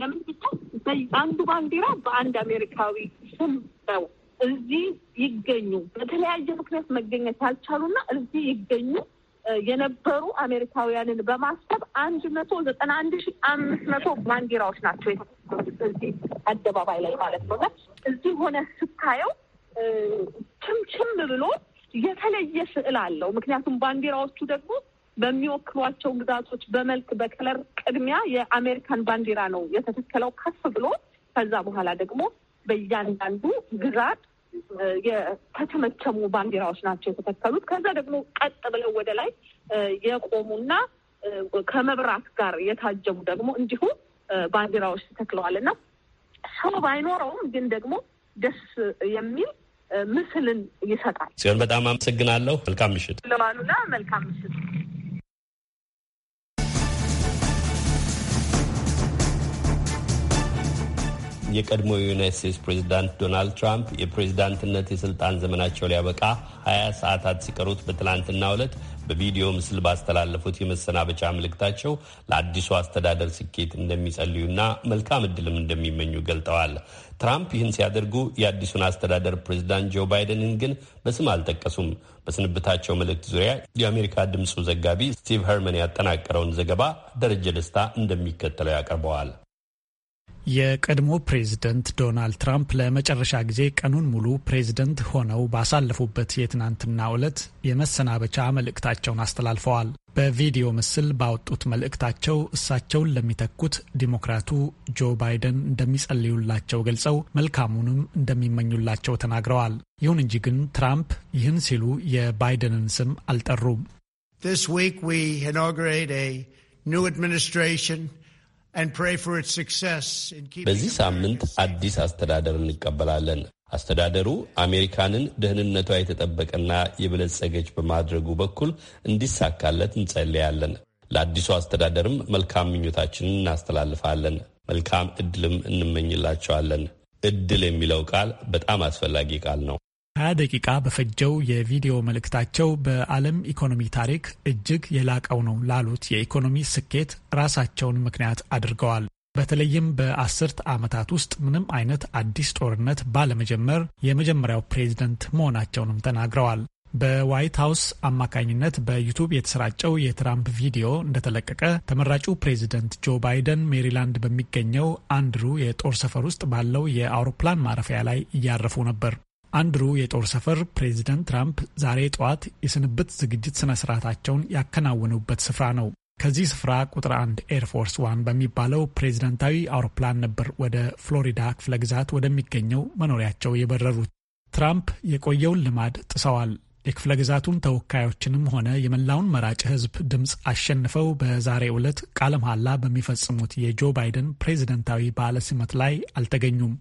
ለምንድን አንዱ ባንዲራ በአንድ አሜሪካዊ ስም ነው። እዚህ ይገኙ በተለያየ ምክንያት መገኘት ያልቻሉና እዚህ ይገኙ የነበሩ አሜሪካውያንን በማሰብ አንድ መቶ ዘጠና አንድ ሺ አምስት መቶ ባንዲራዎች ናቸው እዚህ አደባባይ ላይ ማለት ነው። እዚህ ሆነ ስታየው ችምችም ብሎ የተለየ ስዕል አለው። ምክንያቱም ባንዲራዎቹ ደግሞ በሚወክሏቸው ግዛቶች በመልክ በከለር ቅድሚያ የአሜሪካን ባንዲራ ነው የተተከለው ከፍ ብሎ ከዛ በኋላ ደግሞ በእያንዳንዱ ግዛት የተተመቸሙ ባንዲራዎች ናቸው የተተከሉት። ከዛ ደግሞ ቀጥ ብለው ወደ ላይ የቆሙና ከመብራት ጋር የታጀቡ ደግሞ እንዲሁ ባንዲራዎች ተተክለዋል እና ሰው ባይኖረውም ግን ደግሞ ደስ የሚል ምስልን ይሰጣል። ሲሆን በጣም አመሰግናለሁ። መልካም ምሽት ለዋሉና መልካም ምሽት። የቀድሞ የዩናይት ስቴትስ ፕሬዚዳንት ዶናልድ ትራምፕ የፕሬዚዳንትነት የስልጣን ዘመናቸው ሊያበቃ ሀያ ሰዓታት ሲቀሩት በትላንትና ዕለት በቪዲዮ ምስል ባስተላለፉት የመሰናበቻ ምልክታቸው ለአዲሱ አስተዳደር ስኬት እንደሚጸልዩና መልካም እድልም እንደሚመኙ ገልጠዋል። ትራምፕ ይህን ሲያደርጉ የአዲሱን አስተዳደር ፕሬዚዳንት ጆ ባይደንን ግን በስም አልጠቀሱም። በስንብታቸው መልእክት ዙሪያ የአሜሪካ ድምፁ ዘጋቢ ስቲቭ ኸርመን ያጠናቀረውን ዘገባ ደረጀ ደስታ እንደሚከተለው ያቀርበዋል። የቀድሞ ፕሬዝደንት ዶናልድ ትራምፕ ለመጨረሻ ጊዜ ቀኑን ሙሉ ፕሬዝደንት ሆነው ባሳለፉበት የትናንትና ዕለት የመሰናበቻ መልእክታቸውን አስተላልፈዋል። በቪዲዮ ምስል ባወጡት መልእክታቸው እሳቸውን ለሚተኩት ዲሞክራቱ ጆ ባይደን እንደሚጸልዩላቸው ገልጸው መልካሙንም እንደሚመኙላቸው ተናግረዋል። ይሁን እንጂ ግን ትራምፕ ይህን ሲሉ የባይደንን ስም አልጠሩም። This week we inaugurate a new administration. በዚህ ሳምንት አዲስ አስተዳደር እንቀበላለን። አስተዳደሩ አሜሪካንን ደህንነቷ የተጠበቀና የበለጸገች በማድረጉ በኩል እንዲሳካለት እንጸለያለን። ለአዲሱ አስተዳደርም መልካም ምኞታችንን እናስተላልፋለን። መልካም እድልም እንመኝላቸዋለን። እድል የሚለው ቃል በጣም አስፈላጊ ቃል ነው። ሀያ ደቂቃ በፈጀው የቪዲዮ መልእክታቸው በዓለም ኢኮኖሚ ታሪክ እጅግ የላቀው ነው ላሉት የኢኮኖሚ ስኬት ራሳቸውን ምክንያት አድርገዋል። በተለይም በአስርት ዓመታት ውስጥ ምንም አይነት አዲስ ጦርነት ባለመጀመር የመጀመሪያው ፕሬዝደንት መሆናቸውንም ተናግረዋል። በዋይት ሀውስ አማካኝነት በዩቱብ የተሰራጨው የትራምፕ ቪዲዮ እንደተለቀቀ ተመራጩ ፕሬዚደንት ጆ ባይደን ሜሪላንድ በሚገኘው አንድሩ የጦር ሰፈር ውስጥ ባለው የአውሮፕላን ማረፊያ ላይ እያረፉ ነበር። አንድሩ የጦር ሰፈር ፕሬዚደንት ትራምፕ ዛሬ ጠዋት የስንብት ዝግጅት ስነ ስርዓታቸውን ያከናወኑበት ስፍራ ነው። ከዚህ ስፍራ ቁጥር አንድ ኤርፎርስ ዋን በሚባለው ፕሬዚደንታዊ አውሮፕላን ነበር ወደ ፍሎሪዳ ክፍለ ግዛት ወደሚገኘው መኖሪያቸው የበረሩት። ትራምፕ የቆየውን ልማድ ጥሰዋል። የክፍለ ግዛቱን ተወካዮችንም ሆነ የመላውን መራጭ ሕዝብ ድምፅ አሸንፈው በዛሬው ዕለት ቃለ መሐላ በሚፈጽሙት የጆ ባይደን ፕሬዚደንታዊ በዓለ ሲመት ላይ አልተገኙም።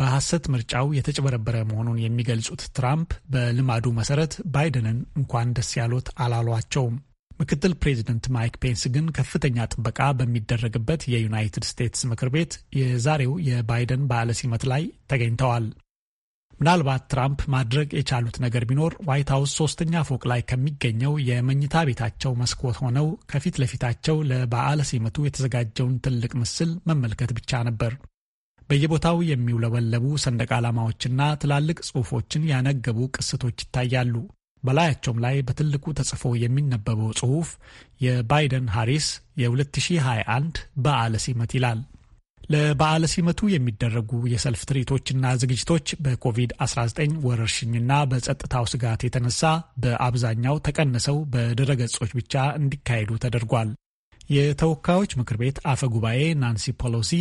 በሐሰት ምርጫው የተጭበረበረ መሆኑን የሚገልጹት ትራምፕ በልማዱ መሰረት ባይደንን እንኳን ደስ ያሎት አላሏቸውም። ምክትል ፕሬዚደንት ማይክ ፔንስ ግን ከፍተኛ ጥበቃ በሚደረግበት የዩናይትድ ስቴትስ ምክር ቤት የዛሬው የባይደን በዓለ ሲመት ላይ ተገኝተዋል። ምናልባት ትራምፕ ማድረግ የቻሉት ነገር ቢኖር ዋይት ሀውስ ሶስተኛ ፎቅ ላይ ከሚገኘው የመኝታ ቤታቸው መስኮት ሆነው ከፊት ለፊታቸው ለበዓለ ሲመቱ የተዘጋጀውን ትልቅ ምስል መመልከት ብቻ ነበር። በየቦታው የሚውለበለቡ ሰንደቅ ዓላማዎችና ትላልቅ ጽሑፎችን ያነገቡ ቅስቶች ይታያሉ። በላያቸውም ላይ በትልቁ ተጽፎ የሚነበበው ጽሑፍ የባይደን ሃሪስ የ2021 በዓለ ሲመት ይላል። ለበዓለ ሲመቱ የሚደረጉ የሰልፍ ትርኢቶችና ዝግጅቶች በኮቪድ-19 ወረርሽኝና በጸጥታው ስጋት የተነሳ በአብዛኛው ተቀንሰው በድረገጾች ብቻ እንዲካሄዱ ተደርጓል። የተወካዮች ምክር ቤት አፈ ጉባኤ ናንሲ ፖሎሲ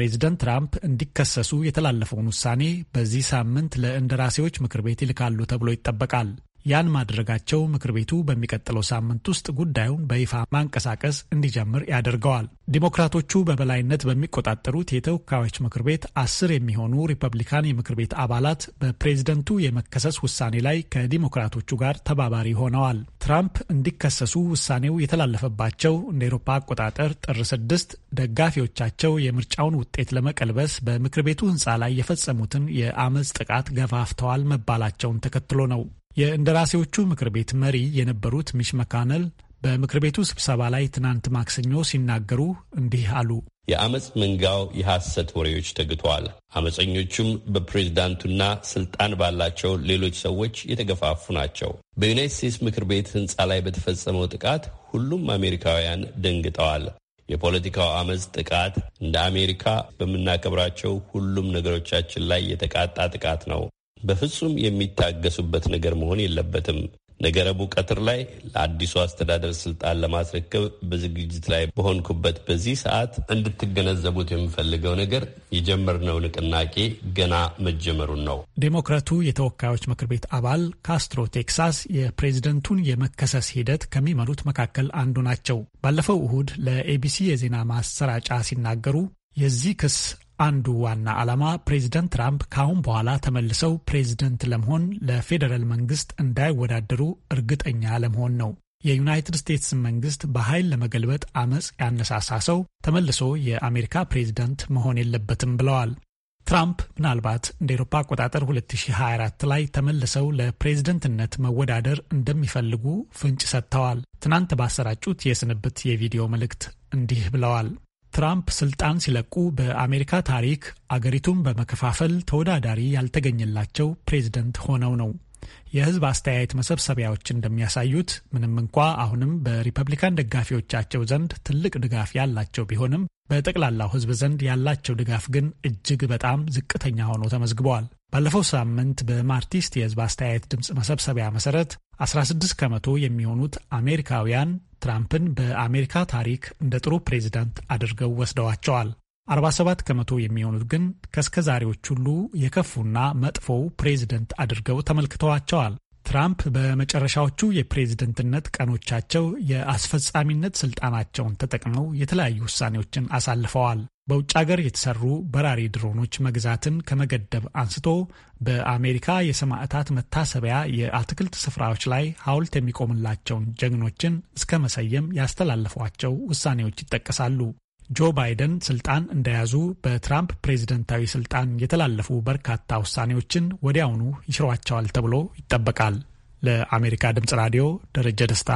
ፕሬዚደንት ትራምፕ እንዲከሰሱ የተላለፈውን ውሳኔ በዚህ ሳምንት ለእንደራሴዎች ምክር ቤት ይልካሉ ተብሎ ይጠበቃል። ያን ማድረጋቸው ምክር ቤቱ በሚቀጥለው ሳምንት ውስጥ ጉዳዩን በይፋ ማንቀሳቀስ እንዲጀምር ያደርገዋል። ዲሞክራቶቹ በበላይነት በሚቆጣጠሩት የተወካዮች ምክር ቤት አስር የሚሆኑ ሪፐብሊካን የምክር ቤት አባላት በፕሬዝደንቱ የመከሰስ ውሳኔ ላይ ከዲሞክራቶቹ ጋር ተባባሪ ሆነዋል። ትራምፕ እንዲከሰሱ ውሳኔው የተላለፈባቸው እንደ ኤሮፓ አቆጣጠር ጥር ስድስት ደጋፊዎቻቸው የምርጫውን ውጤት ለመቀልበስ በምክር ቤቱ ህንፃ ላይ የፈጸሙትን የአመፅ ጥቃት ገፋፍተዋል መባላቸውን ተከትሎ ነው። የእንደራሴዎቹ ምክር ቤት መሪ የነበሩት ሚሽ መካነል በምክር ቤቱ ስብሰባ ላይ ትናንት ማክሰኞ ሲናገሩ እንዲህ አሉ። የአመፅ መንጋው የሐሰት ወሬዎች ተግቷል። አመፀኞቹም በፕሬዝዳንቱና ስልጣን ባላቸው ሌሎች ሰዎች የተገፋፉ ናቸው። በዩናይት ስቴትስ ምክር ቤት ህንፃ ላይ በተፈጸመው ጥቃት ሁሉም አሜሪካውያን ደንግጠዋል። የፖለቲካው አመፅ ጥቃት እንደ አሜሪካ በምናከብራቸው ሁሉም ነገሮቻችን ላይ የተቃጣ ጥቃት ነው። በፍጹም የሚታገሱበት ነገር መሆን የለበትም። ነገረ ቡቀትር ላይ ለአዲሱ አስተዳደር ስልጣን ለማስረከብ በዝግጅት ላይ በሆንኩበት በዚህ ሰዓት እንድትገነዘቡት የምፈልገው ነገር የጀመርነው ንቅናቄ ገና መጀመሩን ነው። ዴሞክራቱ የተወካዮች ምክር ቤት አባል ካስትሮ ቴክሳስ የፕሬዝደንቱን የመከሰስ ሂደት ከሚመሩት መካከል አንዱ ናቸው። ባለፈው እሁድ ለኤቢሲ የዜና ማሰራጫ ሲናገሩ የዚህ ክስ አንዱ ዋና ዓላማ ፕሬዚደንት ትራምፕ ከአሁን በኋላ ተመልሰው ፕሬዚደንት ለመሆን ለፌዴራል መንግስት እንዳይወዳደሩ እርግጠኛ ለመሆን ነው። የዩናይትድ ስቴትስን መንግስት በኃይል ለመገልበጥ አመፅ ያነሳሳ ሰው ተመልሶ የአሜሪካ ፕሬዚደንት መሆን የለበትም ብለዋል። ትራምፕ ምናልባት እንደ ኤሮፓ አቆጣጠር 2024 ላይ ተመልሰው ለፕሬዝደንትነት መወዳደር እንደሚፈልጉ ፍንጭ ሰጥተዋል። ትናንት ባሰራጩት የስንብት የቪዲዮ መልእክት እንዲህ ብለዋል። ትራምፕ ስልጣን ሲለቁ በአሜሪካ ታሪክ አገሪቱን በመከፋፈል ተወዳዳሪ ያልተገኘላቸው ፕሬዝደንት ሆነው ነው። የህዝብ አስተያየት መሰብሰቢያዎች እንደሚያሳዩት ምንም እንኳ አሁንም በሪፐብሊካን ደጋፊዎቻቸው ዘንድ ትልቅ ድጋፍ ያላቸው ቢሆንም በጠቅላላው ህዝብ ዘንድ ያላቸው ድጋፍ ግን እጅግ በጣም ዝቅተኛ ሆኖ ተመዝግበዋል። ባለፈው ሳምንት በማርቲስት የህዝብ አስተያየት ድምፅ መሰብሰቢያ መሰረት 16 ከመቶ የሚሆኑት አሜሪካውያን ትራምፕን በአሜሪካ ታሪክ እንደ ጥሩ ፕሬዚዳንት አድርገው ወስደዋቸዋል። 47 ከመቶ የሚሆኑት ግን ከእስከ ዛሬዎች ሁሉ የከፉና መጥፎው ፕሬዚደንት አድርገው ተመልክተዋቸዋል። ትራምፕ በመጨረሻዎቹ የፕሬዝደንትነት ቀኖቻቸው የአስፈጻሚነት ስልጣናቸውን ተጠቅመው የተለያዩ ውሳኔዎችን አሳልፈዋል። በውጭ ሀገር የተሰሩ በራሪ ድሮኖች መግዛትን ከመገደብ አንስቶ በአሜሪካ የሰማዕታት መታሰቢያ የአትክልት ስፍራዎች ላይ ሐውልት የሚቆምላቸውን ጀግኖችን እስከ መሰየም ያስተላለፏቸው ውሳኔዎች ይጠቀሳሉ። ጆ ባይደን ስልጣን እንደያዙ በትራምፕ ፕሬዝደንታዊ ስልጣን የተላለፉ በርካታ ውሳኔዎችን ወዲያውኑ ይሽሯቸዋል ተብሎ ይጠበቃል። ለአሜሪካ ድምጽ ራዲዮ ደረጀ ደስታ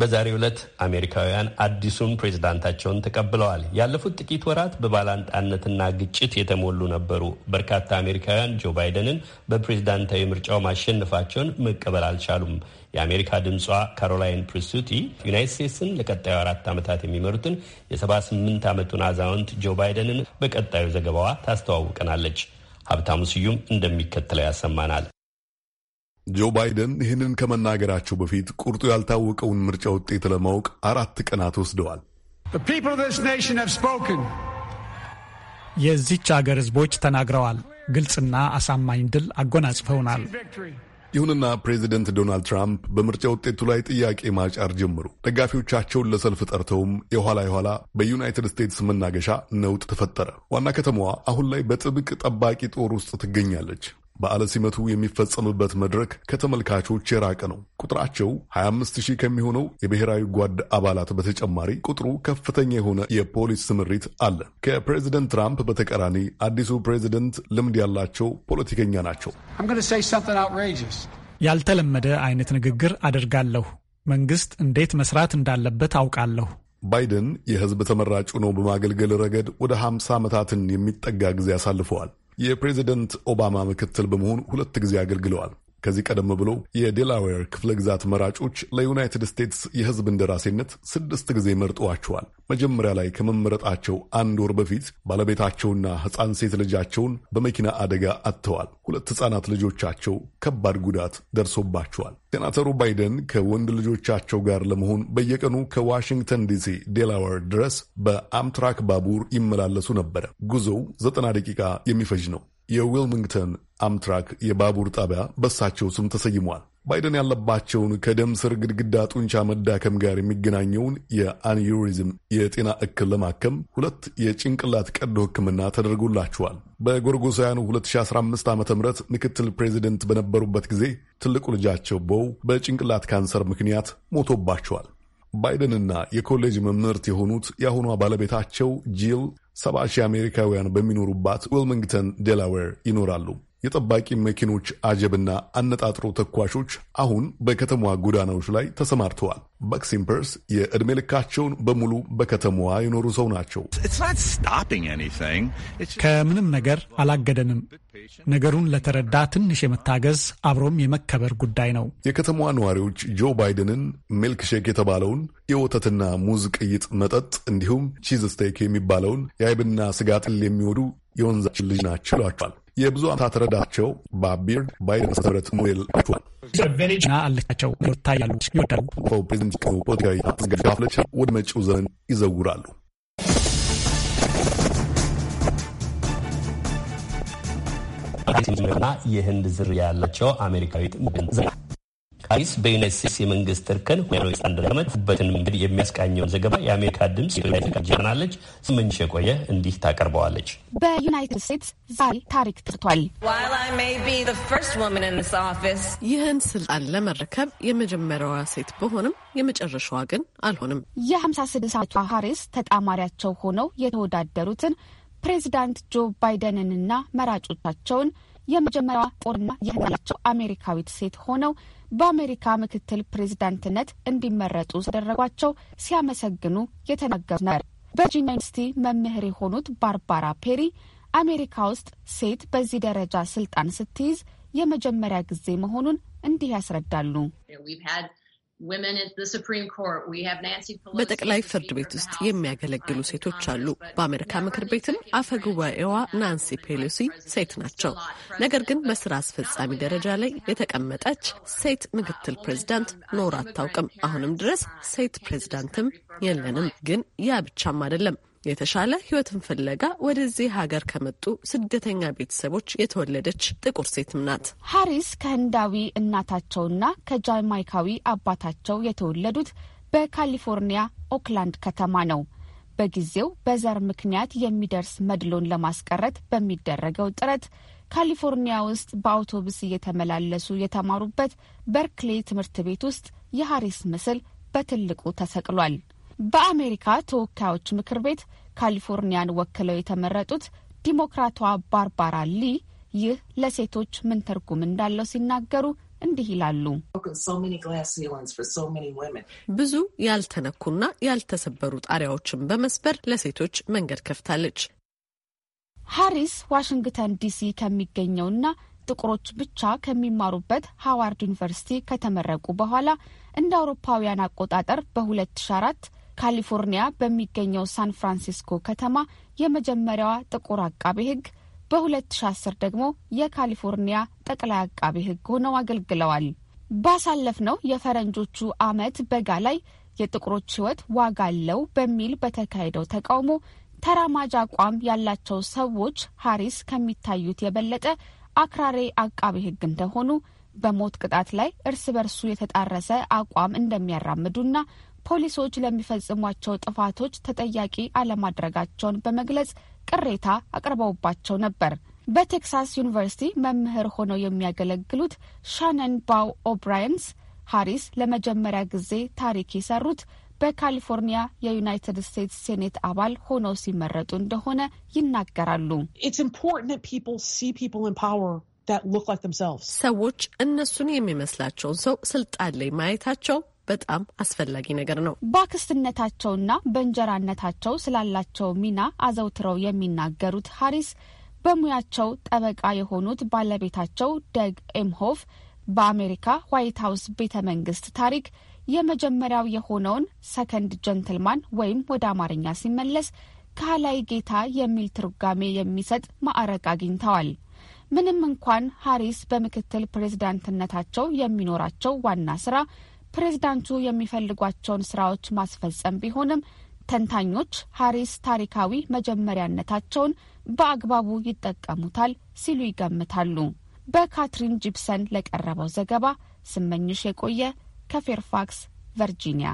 በዛሬው ዕለት አሜሪካውያን አዲሱን ፕሬዝዳንታቸውን ተቀብለዋል። ያለፉት ጥቂት ወራት በባላንጣነትና ግጭት የተሞሉ ነበሩ። በርካታ አሜሪካውያን ጆ ባይደንን በፕሬዝዳንታዊ ምርጫው ማሸነፋቸውን መቀበል አልቻሉም። የአሜሪካ ድምጿ ካሮላይን ፕሪሱቲ ዩናይት ስቴትስን ለቀጣዩ አራት ዓመታት የሚመሩትን የ78 ዓመቱን አዛውንት ጆ ባይደንን በቀጣዩ ዘገባዋ ታስተዋውቀናለች። ሀብታሙ ስዩም እንደሚከተለው ያሰማናል። ጆ ባይደን ይህንን ከመናገራቸው በፊት ቁርጡ ያልታወቀውን ምርጫ ውጤት ለማወቅ አራት ቀናት ወስደዋል። የዚች አገር ሕዝቦች ተናግረዋል። ግልጽና አሳማኝ ድል አጎናጽፈውናል። ይሁንና ፕሬዚደንት ዶናልድ ትራምፕ በምርጫ ውጤቱ ላይ ጥያቄ ማጫር ጀምሩ። ደጋፊዎቻቸውን ለሰልፍ ጠርተውም የኋላ የኋላ በዩናይትድ ስቴትስ መናገሻ ነውጥ ተፈጠረ። ዋና ከተማዋ አሁን ላይ በጥብቅ ጠባቂ ጦር ውስጥ ትገኛለች። በዓለ ሲመቱ የሚፈጸምበት መድረክ ከተመልካቾች የራቀ ነው። ቁጥራቸው 25 ሺህ ከሚሆነው የብሔራዊ ጓድ አባላት በተጨማሪ ቁጥሩ ከፍተኛ የሆነ የፖሊስ ስምሪት አለ። ከፕሬዚደንት ትራምፕ በተቃራኒ አዲሱ ፕሬዚደንት ልምድ ያላቸው ፖለቲከኛ ናቸው። ያልተለመደ አይነት ንግግር አደርጋለሁ። መንግስት እንዴት መስራት እንዳለበት አውቃለሁ። ባይደን የህዝብ ተመራጭ ነው በማገልገል ረገድ ወደ 50 ዓመታትን የሚጠጋ ጊዜ አሳልፈዋል። የፕሬዚደንት ኦባማ ምክትል በመሆን ሁለት ጊዜ አገልግለዋል። ከዚህ ቀደም ብሎ የዴላዌር ክፍለ ግዛት መራጮች ለዩናይትድ ስቴትስ የሕዝብ እንደራሴነት ስድስት ጊዜ መርጠዋቸዋል። መጀመሪያ ላይ ከመመረጣቸው አንድ ወር በፊት ባለቤታቸውና ሕፃን ሴት ልጃቸውን በመኪና አደጋ አጥተዋል። ሁለት ሕፃናት ልጆቻቸው ከባድ ጉዳት ደርሶባቸዋል። ሴናተሩ ባይደን ከወንድ ልጆቻቸው ጋር ለመሆን በየቀኑ ከዋሽንግተን ዲሲ ዴላዌር ድረስ በአምትራክ ባቡር ይመላለሱ ነበረ። ጉዞው ዘጠና ደቂቃ የሚፈጅ ነው። የዊልሚንግተን አምትራክ የባቡር ጣቢያ በሳቸው ስም ተሰይሟል። ባይደን ያለባቸውን ከደም ስር ግድግዳ ጡንቻ መዳከም ጋር የሚገናኘውን የአንዩሪዝም የጤና እክል ለማከም ሁለት የጭንቅላት ቀዶ ሕክምና ተደርጎላቸዋል። በጎርጎሳውያኑ 2015 ዓ ም ምክትል ፕሬዚደንት በነበሩበት ጊዜ ትልቁ ልጃቸው በው በጭንቅላት ካንሰር ምክንያት ሞቶባቸዋል። ባይደንና የኮሌጅ መምህርት የሆኑት የአሁኗ ባለቤታቸው ጂል ሰባ ሺህ አሜሪካውያን በሚኖሩባት ዌልሚንግተን ዴላዌር ይኖራሉ። የጠባቂ መኪኖች አጀብና አነጣጥሮ ተኳሾች አሁን በከተማዋ ጎዳናዎች ላይ ተሰማርተዋል። በክሲምፐርስ የዕድሜ ልካቸውን በሙሉ በከተማዋ የኖሩ ሰው ናቸው። ከምንም ነገር አላገደንም። ነገሩን ለተረዳ ትንሽ የመታገዝ አብሮም የመከበር ጉዳይ ነው። የከተማዋ ነዋሪዎች ጆ ባይደንን ሚልክሼክ የተባለውን የወተትና ሙዝ ቅይጥ መጠጥ እንዲሁም ቺዝ ስቴክ የሚባለውን የአይብና ስጋ ጥል የሚወዱ የወንዛችን ልጅ ናቸው ይሏቸዋል። የብዙ ዓመታት ረዳቸው ባቢርድ ባይደን መሰረት ሞዴል ናቸዋል አለቻቸው ይታያሉ ይወዳሉ ፕሬዚደንት ፖለቲካዊ አዝጋ ፍለቻ ወደ መጪው ዘመን ይዘውራሉ። ና የህንድ ዝርያ ያላቸው አሜሪካዊ ፓሪስ በዩናይት ስቴትስ የመንግስት እርከን ሁበትን መንገድ የሚያስቃኘውን ዘገባ የአሜሪካ ድምፅ ጀርናለች ስምንሽ የቆየ እንዲህ ታቀርበዋለች። በዩናይትድ ስቴትስ ዛሬ ታሪክ ትርቷል። ይህን ስልጣን ለመረከብ የመጀመሪያዋ ሴት በሆንም የመጨረሻዋ ግን አልሆንም። የ56 ዓመቷ ሀሪስ ተጣማሪያቸው ሆነው የተወዳደሩትን ፕሬዚዳንት ጆ ባይደንንና መራጮቻቸውን የመጀመሪያዋ ጦርና የህላቸው አሜሪካዊት ሴት ሆነው በአሜሪካ ምክትል ፕሬዚዳንትነት እንዲመረጡ ስደረጓቸው ሲያመሰግኑ የተናገሩ ነበር። ቨርጂኒያ ዩኒቨርሲቲ መምህር የሆኑት ባርባራ ፔሪ አሜሪካ ውስጥ ሴት በዚህ ደረጃ ስልጣን ስትይዝ የመጀመሪያ ጊዜ መሆኑን እንዲህ ያስረዳሉ። በጠቅላይ ፍርድ ቤት ውስጥ የሚያገለግሉ ሴቶች uh, አሉ። በአሜሪካ ምክር ቤትም አፈ ጉባኤዋ ናንሲ ፔሎሲ ሴት ናቸው። ነገር ግን በስራ አስፈጻሚ ደረጃ ላይ የተቀመጠች ሴት ምክትል ፕሬዚዳንት ኖር አታውቅም። አሁንም ድረስ ሴት ፕሬዚዳንትም የለንም። ግን ያ ብቻም አይደለም። የተሻለ ህይወትን ፍለጋ ወደዚህ ሀገር ከመጡ ስደተኛ ቤተሰቦች የተወለደች ጥቁር ሴትም ናት። ሀሪስ ከህንዳዊ እናታቸውና ከጃማይካዊ አባታቸው የተወለዱት በካሊፎርኒያ ኦክላንድ ከተማ ነው። በጊዜው በዘር ምክንያት የሚደርስ መድሎን ለማስቀረት በሚደረገው ጥረት ካሊፎርኒያ ውስጥ በአውቶቡስ እየተመላለሱ የተማሩበት በርክሌ ትምህርት ቤት ውስጥ የሀሪስ ምስል በትልቁ ተሰቅሏል። በአሜሪካ ተወካዮች ምክር ቤት ካሊፎርኒያን ወክለው የተመረጡት ዲሞክራቷ ባርባራ ሊ ይህ ለሴቶች ምን ትርጉም እንዳለው ሲናገሩ እንዲህ ይላሉ። ብዙ ያልተነኩና ያልተሰበሩ ጣሪያዎችን በመስበር ለሴቶች መንገድ ከፍታለች። ሃሪስ ዋሽንግተን ዲሲ ከሚገኘውና ጥቁሮች ብቻ ከሚማሩበት ሃዋርድ ዩኒቨርሲቲ ከተመረቁ በኋላ እንደ አውሮፓውያን አቆጣጠር በ2004 ካሊፎርኒያ በሚገኘው ሳን ፍራንሲስኮ ከተማ የመጀመሪያዋ ጥቁር አቃቤ ሕግ በ2010 ደግሞ የካሊፎርኒያ ጠቅላይ አቃቤ ሕግ ሆነው አገልግለዋል። ባሳለፍነው የፈረንጆቹ ዓመት በጋ ላይ የጥቁሮች ሕይወት ዋጋ አለው በሚል በተካሄደው ተቃውሞ ተራማጅ አቋም ያላቸው ሰዎች ሃሪስ ከሚታዩት የበለጠ አክራሪ አቃቤ ህግ እንደሆኑ በሞት ቅጣት ላይ እርስ በርሱ የተጣረሰ አቋም እንደሚያራምዱና ፖሊሶች ለሚፈጽሟቸው ጥፋቶች ተጠያቂ አለማድረጋቸውን በመግለጽ ቅሬታ አቅርበውባቸው ነበር። በቴክሳስ ዩኒቨርሲቲ መምህር ሆነው የሚያገለግሉት ሻነን ባው ኦብራየንስ ሃሪስ ለመጀመሪያ ጊዜ ታሪክ የሰሩት በካሊፎርኒያ የዩናይትድ ስቴትስ ሴኔት አባል ሆነው ሲመረጡ እንደሆነ ይናገራሉ። ሰዎች እነሱን የሚመስላቸውን ሰው ስልጣን ላይ ማየታቸው በጣም አስፈላጊ ነገር ነው። በአክስትነታቸውና በእንጀራነታቸው ስላላቸው ሚና አዘውትረው የሚናገሩት ሀሪስ በሙያቸው ጠበቃ የሆኑት ባለቤታቸው ደግ ኤምሆፍ በአሜሪካ ዋይት ሀውስ ቤተ መንግስት ታሪክ የመጀመሪያው የሆነውን ሰከንድ ጀንትልማን ወይም ወደ አማርኛ ሲመለስ ከህላይ ጌታ የሚል ትርጓሜ የሚሰጥ ማዕረግ አግኝተዋል። ምንም እንኳን ሀሪስ በምክትል ፕሬዝዳንትነታቸው የሚኖራቸው ዋና ስራ ፕሬዚዳንቱ የሚፈልጓቸውን ስራዎች ማስፈጸም ቢሆንም ተንታኞች ሀሪስ ታሪካዊ መጀመሪያነታቸውን በአግባቡ ይጠቀሙታል ሲሉ ይገምታሉ። በካትሪን ጂፕሰን ለቀረበው ዘገባ ስመኝሽ የቆየ ከፌርፋክስ ቨርጂኒያ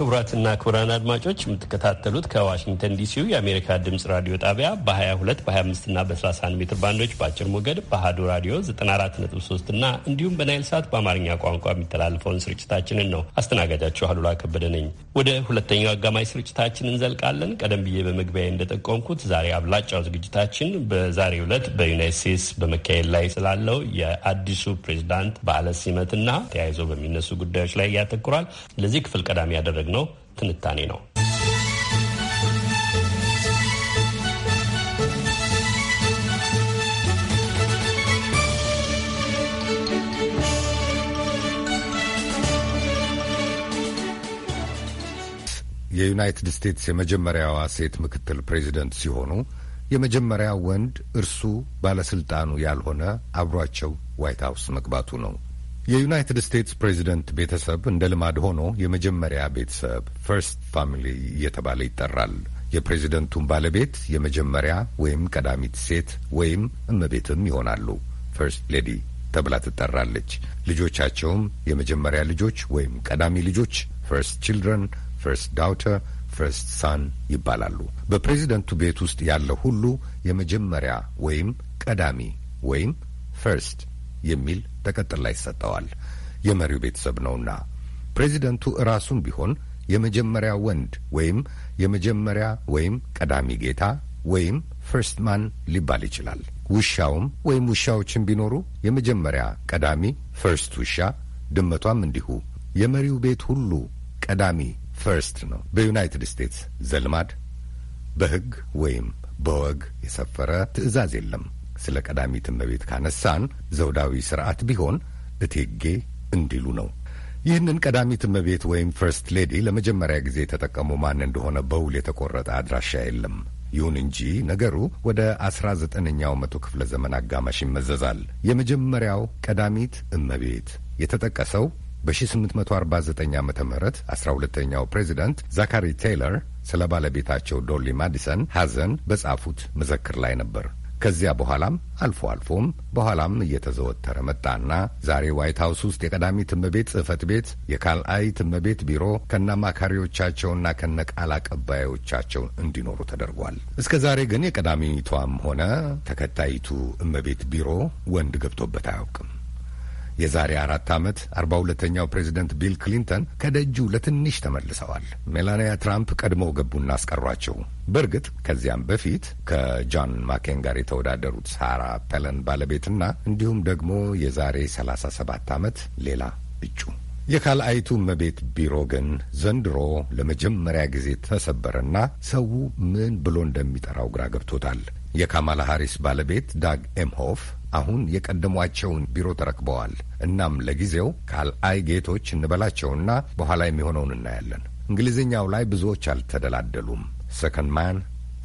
ክቡራትና ክቡራን አድማጮች የምትከታተሉት ከዋሽንግተን ዲሲው የአሜሪካ ድምጽ ራዲዮ ጣቢያ በ22 በ25ና በ31 ሜትር ባንዶች በአጭር ሞገድ በአሀዱ ራዲዮ 943 እና እንዲሁም በናይል ሰዓት በአማርኛ ቋንቋ የሚተላለፈውን ስርጭታችንን ነው። አስተናጋጃችሁ አሉላ ከበደ ነኝ። ወደ ሁለተኛው አጋማሽ ስርጭታችን እንዘልቃለን። ቀደም ብዬ በመግቢያ እንደጠቆምኩት ዛሬ አብላጫው ዝግጅታችን በዛሬው ዕለት በዩናይት ስቴትስ በመካሄድ ላይ ስላለው የአዲሱ ፕሬዚዳንት በዓለ ሲመትና ተያይዞ በሚነሱ ጉዳዮች ላይ ያተኩራል። ለዚህ ክፍል ቀዳሚ ያደረግ ነው ትንታኔ ነው። የዩናይትድ ስቴትስ የመጀመሪያዋ ሴት ምክትል ፕሬዚደንት ሲሆኑ የመጀመሪያ ወንድ እርሱ ባለስልጣኑ ያልሆነ አብሯቸው ዋይት ሀውስ መግባቱ ነው። የዩናይትድ ስቴትስ ፕሬዚደንት ቤተሰብ እንደ ልማድ ሆኖ የመጀመሪያ ቤተሰብ ፈርስት ፋሚሊ እየተባለ ይጠራል። የፕሬዚደንቱን ባለቤት የመጀመሪያ ወይም ቀዳሚት ሴት ወይም እመቤትም ይሆናሉ። ፈርስት ሌዲ ተብላ ትጠራለች። ልጆቻቸውም የመጀመሪያ ልጆች ወይም ቀዳሚ ልጆች ፈርስት ችልድረን፣ ፈርስት ዳውተር፣ ፈርስት ሳን ይባላሉ። በፕሬዚደንቱ ቤት ውስጥ ያለ ሁሉ የመጀመሪያ ወይም ቀዳሚ ወይም ፈርስት የሚል ተቀጥላ ይሰጠዋል። የመሪው ቤተሰብ ነውና ፕሬዚደንቱ እራሱም ቢሆን የመጀመሪያ ወንድ ወይም የመጀመሪያ ወይም ቀዳሚ ጌታ ወይም ፈርስት ማን ሊባል ይችላል። ውሻውም ወይም ውሻዎችን ቢኖሩ የመጀመሪያ ቀዳሚ ፈርስት ውሻ፣ ድመቷም እንዲሁ። የመሪው ቤት ሁሉ ቀዳሚ ፈርስት ነው። በዩናይትድ ስቴትስ ዘልማድ በሕግ ወይም በወግ የሰፈረ ትዕዛዝ የለም። ስለ ቀዳሚት እመቤት ካነሳን ዘውዳዊ ስርዓት ቢሆን እቴጌ እንዲሉ ነው። ይህንን ቀዳሚት እመቤት ወይም ፈርስት ሌዲ ለመጀመሪያ ጊዜ የተጠቀሙ ማን እንደሆነ በውል የተቆረጠ አድራሻ የለም። ይሁን እንጂ ነገሩ ወደ አስራ ዘጠነኛው መቶ ክፍለ ዘመን አጋማሽ ይመዘዛል። የመጀመሪያው ቀዳሚት እመቤት የተጠቀሰው በ1849 ዓ ም 12ኛው ፕሬዚደንት ዛካሪ ቴይለር ስለ ባለቤታቸው ዶሊ ማዲሰን ሐዘን በጻፉት መዘክር ላይ ነበር። ከዚያ በኋላም አልፎ አልፎም በኋላም እየተዘወተረ መጣና ዛሬ ዋይት ሀውስ ውስጥ የቀዳሚ ትምቤት ጽህፈት ቤት የካልአይ ትምቤት ቢሮ አማካሪዎቻቸውና ከነ ቃል አቀባዮቻቸው እንዲኖሩ ተደርጓል። እስከ ዛሬ ግን የቀዳሚቷም ሆነ ተከታይቱ እመቤት ቢሮ ወንድ ገብቶበት አያውቅም። የዛሬ አራት ዓመት አርባ ሁለተኛው ፕሬዚደንት ቢል ክሊንተን ከደጁ ለትንሽ ተመልሰዋል። ሜላንያ ትራምፕ ቀድመው ገቡና አስቀሯቸው። በእርግጥ ከዚያም በፊት ከጆን ማኬን ጋር የተወዳደሩት ሳራ ፐለን ባለቤትና እንዲሁም ደግሞ የዛሬ ሰላሳ ሰባት ዓመት ሌላ እጩ የካልአይቱ መቤት ቢሮ ግን ዘንድሮ ለመጀመሪያ ጊዜ ተሰበረና ሰው ምን ብሎ እንደሚጠራው ግራ ገብቶታል። የካማላ ሃሪስ ባለቤት ዳግ ኤምሆፍ አሁን የቀደሟቸውን ቢሮ ተረክበዋል። እናም ለጊዜው ካልአይ ጌቶች እንበላቸውና በኋላ የሚሆነውን እናያለን። እንግሊዝኛው ላይ ብዙዎች አልተደላደሉም። ሰከንድ ማን፣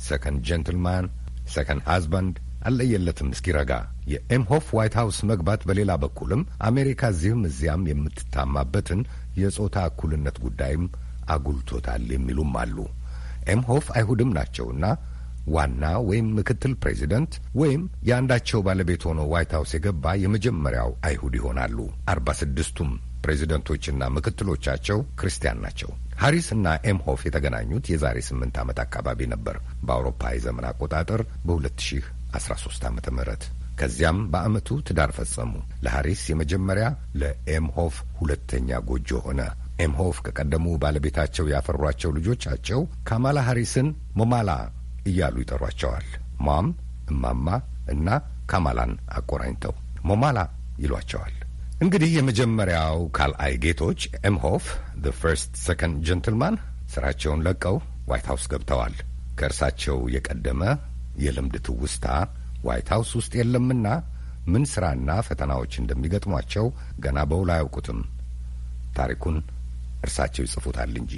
ሰከንድ ጀንትልማን፣ ሰከንድ ሃዝባንድ አለየለትም እስኪረጋ። የኤምሆፍ ዋይት ሀውስ መግባት በሌላ በኩልም አሜሪካ እዚህም እዚያም የምትታማበትን የጾታ እኩልነት ጉዳይም አጉልቶታል የሚሉም አሉ። ኤምሆፍ አይሁድም ናቸውና ዋና ወይም ምክትል ፕሬዚደንት ወይም የአንዳቸው ባለቤት ሆኖ ዋይት ሀውስ የገባ የመጀመሪያው አይሁድ ይሆናሉ። አርባ ስድስቱም ፕሬዚደንቶችና ምክትሎቻቸው ክርስቲያን ናቸው። ሃሪስ እና ኤምሆፍ የተገናኙት የዛሬ ስምንት ዓመት አካባቢ ነበር በአውሮፓ የዘመን አቆጣጠር በ2013 ዓ ም ከዚያም በዓመቱ ትዳር ፈጸሙ። ለሃሪስ የመጀመሪያ ለኤምሆፍ ሁለተኛ ጎጆ ሆነ። ኤምሆፍ ከቀደሙ ባለቤታቸው ያፈሯቸው ልጆቻቸው ካማላ ሃሪስን ሞማላ እያሉ ይጠሯቸዋል። ሟም፣ እማማ እና ካማላን አቆራኝተው ሞማላ ይሏቸዋል። እንግዲህ የመጀመሪያው ካልአይ ጌቶች ኤምሆፍ ዘ ፈርስት ሰከንድ ጀንትልማን ስራቸውን ለቀው ዋይት ሀውስ ገብተዋል። ከእርሳቸው የቀደመ የልምድ ትውስታ ዋይት ሀውስ ውስጥ የለምና ምን ስራና ፈተናዎች እንደሚገጥሟቸው ገና በውል አያውቁትም። ታሪኩን እርሳቸው ይጽፉታል እንጂ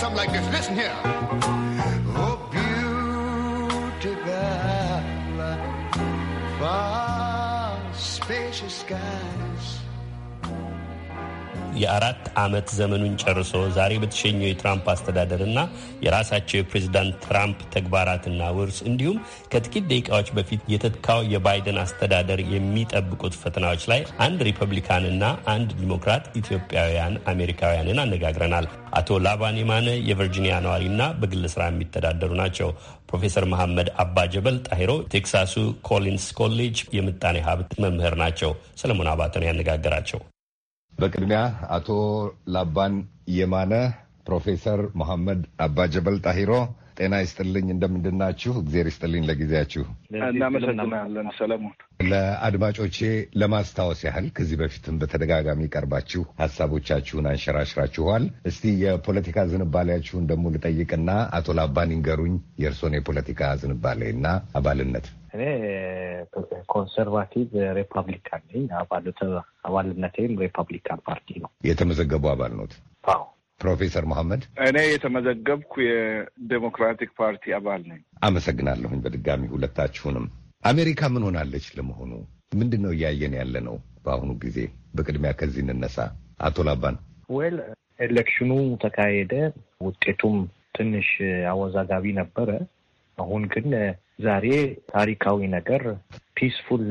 something like this. Listen here. የአራት ዓመት ዘመኑን ጨርሶ ዛሬ በተሸኘው የትራምፕ አስተዳደርና የራሳቸው የፕሬዚዳንት ትራምፕ ተግባራትና ውርስ እንዲሁም ከጥቂት ደቂቃዎች በፊት የተካው የባይደን አስተዳደር የሚጠብቁት ፈተናዎች ላይ አንድ ሪፐብሊካንና አንድ ዲሞክራት ኢትዮጵያውያን አሜሪካውያንን አነጋግረናል። አቶ ላባን የማነ የቨርጂኒያ ነዋሪና በግል ስራ የሚተዳደሩ ናቸው። ፕሮፌሰር መሐመድ አባ ጀበል ጣሂሮ ቴክሳሱ ኮሊንስ ኮሌጅ የምጣኔ ሀብት መምህር ናቸው። ሰለሞን አባተን ያነጋገራቸው በቅድሚያ አቶ ላባን የማነ፣ ፕሮፌሰር መሐመድ አባጀበል ጣሂሮ ጤና ይስጥልኝ። እንደምንድናችሁ? እግዜር ይስጥልኝ ለጊዜያችሁ እናመሰግናለን ሰለሞን። ለአድማጮቼ ለማስታወስ ያህል ከዚህ በፊትም በተደጋጋሚ ቀርባችሁ ሀሳቦቻችሁን አንሸራሽራችኋል። እስቲ የፖለቲካ ዝንባሌያችሁን ደግሞ ልጠይቅና አቶ ላባን ይንገሩኝ የእርስዎን የፖለቲካ ዝንባሌና አባልነት እኔ ኮንሰርቫቲቭ ሪፐብሊካን ነኝ። አባልነቴም ሪፐብሊካን ፓርቲ ነው። የተመዘገቡ አባል ነት አዎ። ፕሮፌሰር መሐመድ እኔ የተመዘገብኩ የዴሞክራቲክ ፓርቲ አባል ነኝ። አመሰግናለሁኝ በድጋሚ ሁለታችሁንም። አሜሪካ ምን ሆናለች ለመሆኑ? ምንድን ነው እያየን ያለ ነው በአሁኑ ጊዜ? በቅድሚያ ከዚህ እንነሳ። አቶ ላባን ዌል ኤሌክሽኑ ተካሄደ። ውጤቱም ትንሽ አወዛጋቢ ነበረ። አሁን ግን ዛሬ ታሪካዊ ነገር ፒስፉል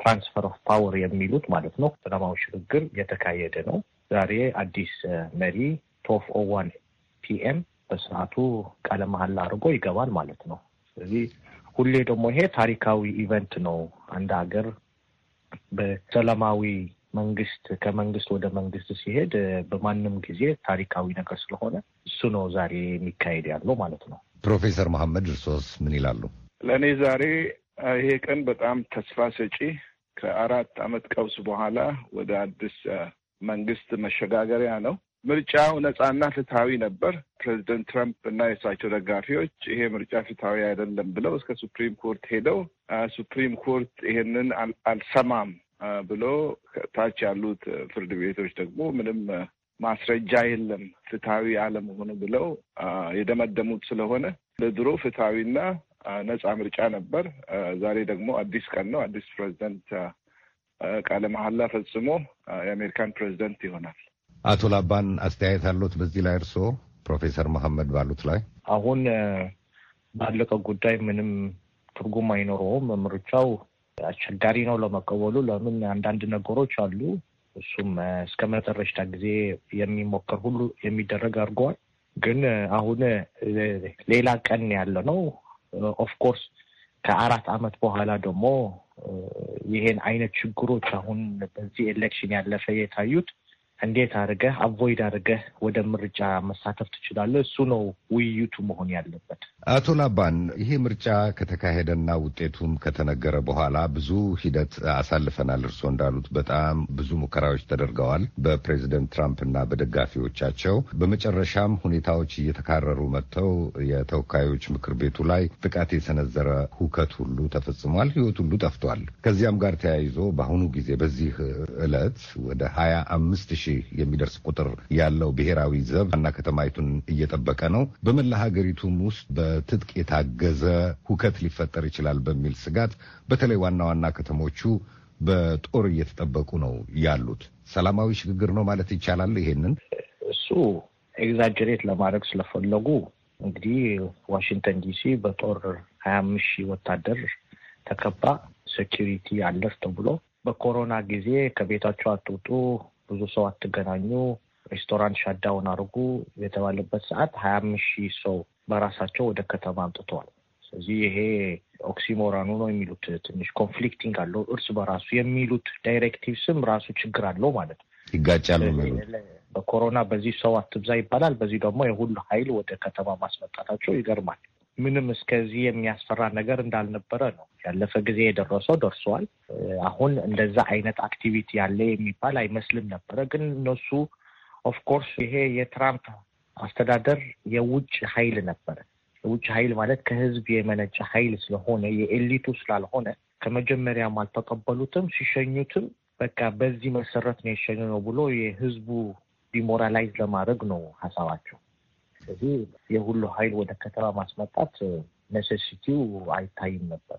ትራንስፈር ኦፍ ፓወር የሚሉት ማለት ነው፣ ሰላማዊ ሽግግር የተካሄደ ነው። ዛሬ አዲስ መሪ ቶፍ ኦዋን ፒኤም በስርዓቱ ቃለ መሀል አድርጎ ይገባል ማለት ነው። ስለዚህ ሁሌ ደግሞ ይሄ ታሪካዊ ኢቨንት ነው። አንድ ሀገር በሰላማዊ መንግስት ከመንግስት ወደ መንግስት ሲሄድ በማንም ጊዜ ታሪካዊ ነገር ስለሆነ እሱ ነው ዛሬ የሚካሄድ ያለው ማለት ነው። ፕሮፌሰር መሐመድ እርሶስ ምን ይላሉ? ለእኔ ዛሬ ይሄ ቀን በጣም ተስፋ ሰጪ ከአራት ዓመት ቀውስ በኋላ ወደ አዲስ መንግስት መሸጋገሪያ ነው። ምርጫው ነጻና ፍትሐዊ ነበር። ፕሬዚደንት ትራምፕ እና የእሳቸው ደጋፊዎች ይሄ ምርጫ ፍትሐዊ አይደለም ብለው እስከ ሱፕሪም ኮርት ሄደው ሱፕሪም ኮርት ይሄንን አልሰማም ብሎ ከታች ያሉት ፍርድ ቤቶች ደግሞ ምንም ማስረጃ የለም ፍትሐዊ አለመሆኑ ብለው የደመደሙት ስለሆነ ለድሮ ፍትሐዊና ነጻ ምርጫ ነበር። ዛሬ ደግሞ አዲስ ቀን ነው። አዲስ ፕሬዚደንት ቃለ መሐላ ፈጽሞ የአሜሪካን ፕሬዚደንት ይሆናል። አቶ ላባን አስተያየት አሉት በዚህ ላይ እርስዎ ፕሮፌሰር መሐመድ ባሉት ላይ አሁን ባለቀ ጉዳይ ምንም ትርጉም አይኖረውም። ምርጫው አስቸጋሪ ነው ለመቀበሉ። ለምን አንዳንድ ነገሮች አሉ እሱም እስከ መጨረሻ ጊዜ የሚሞከር ሁሉ የሚደረግ አድርገዋል። ግን አሁን ሌላ ቀን ያለ ነው። ኦፍኮርስ ከአራት አመት በኋላ ደግሞ ይሄን አይነት ችግሮች አሁን በዚህ ኤሌክሽን ያለፈ የታዩት እንዴት አድርገህ አቮይድ አድርገህ ወደ ምርጫ መሳተፍ ትችላለህ? እሱ ነው ውይይቱ መሆን ያለበት። አቶ ላባን፣ ይሄ ምርጫ ከተካሄደና ውጤቱም ከተነገረ በኋላ ብዙ ሂደት አሳልፈናል። እርስዎ እንዳሉት በጣም ብዙ ሙከራዎች ተደርገዋል በፕሬዚደንት ትራምፕ እና በደጋፊዎቻቸው። በመጨረሻም ሁኔታዎች እየተካረሩ መጥተው የተወካዮች ምክር ቤቱ ላይ ጥቃት የሰነዘረ ሁከት ሁሉ ተፈጽሟል። ህይወት ሁሉ ጠፍቷል። ከዚያም ጋር ተያይዞ በአሁኑ ጊዜ በዚህ ዕለት ወደ ሀያ አምስት ሺህ የሚደርስ ቁጥር ያለው ብሔራዊ ዘብ ዋና ከተማይቱን እየጠበቀ ነው። በመላ ሀገሪቱም ውስጥ በትጥቅ የታገዘ ሁከት ሊፈጠር ይችላል በሚል ስጋት በተለይ ዋና ዋና ከተሞቹ በጦር እየተጠበቁ ነው ያሉት። ሰላማዊ ሽግግር ነው ማለት ይቻላል። ይሄንን እሱ ኤግዛጀሬት ለማድረግ ስለፈለጉ እንግዲህ ዋሽንግተን ዲሲ በጦር ሀያ አምስት ሺህ ወታደር ተከባ ሴኪሪቲ አለፍ ተብሎ በኮሮና ጊዜ ከቤታቸው አትውጡ ብዙ ሰው አትገናኙ፣ ሬስቶራንት ሻዳውን አድርጉ የተባለበት ሰዓት ሀያ አምስት ሺህ ሰው በራሳቸው ወደ ከተማ አምጥተዋል። ስለዚህ ይሄ ኦክሲሞራኑ ነው የሚሉት ትንሽ ኮንፍሊክቲንግ አለው እርስ በራሱ የሚሉት ዳይሬክቲቭስም ራሱ ችግር አለው ማለት ነው። ይጋጫሉ በኮሮና በዚህ ሰው አትብዛ ይባላል። በዚህ ደግሞ የሁሉ ኃይል ወደ ከተማ ማስመጣታቸው ይገርማል። ምንም እስከዚህ የሚያስፈራ ነገር እንዳልነበረ ነው። ያለፈ ጊዜ የደረሰው ደርሷል። አሁን እንደዛ አይነት አክቲቪቲ ያለ የሚባል አይመስልም ነበረ። ግን እነሱ ኦፍኮርስ ይሄ የትራምፕ አስተዳደር የውጭ ኃይል ነበረ። የውጭ ኃይል ማለት ከህዝብ የመነጨ ኃይል ስለሆነ የኤሊቱ ስላልሆነ ከመጀመሪያም አልተቀበሉትም። ሲሸኙትም በቃ በዚህ መሰረት ነው የሸኙ ነው ብሎ የህዝቡ ዲሞራላይዝ ለማድረግ ነው ሀሳባቸው። ስለዚህ የሁሉ ሀይል ወደ ከተማ ማስመጣት ነሴሲቲው አይታይም ነበረ።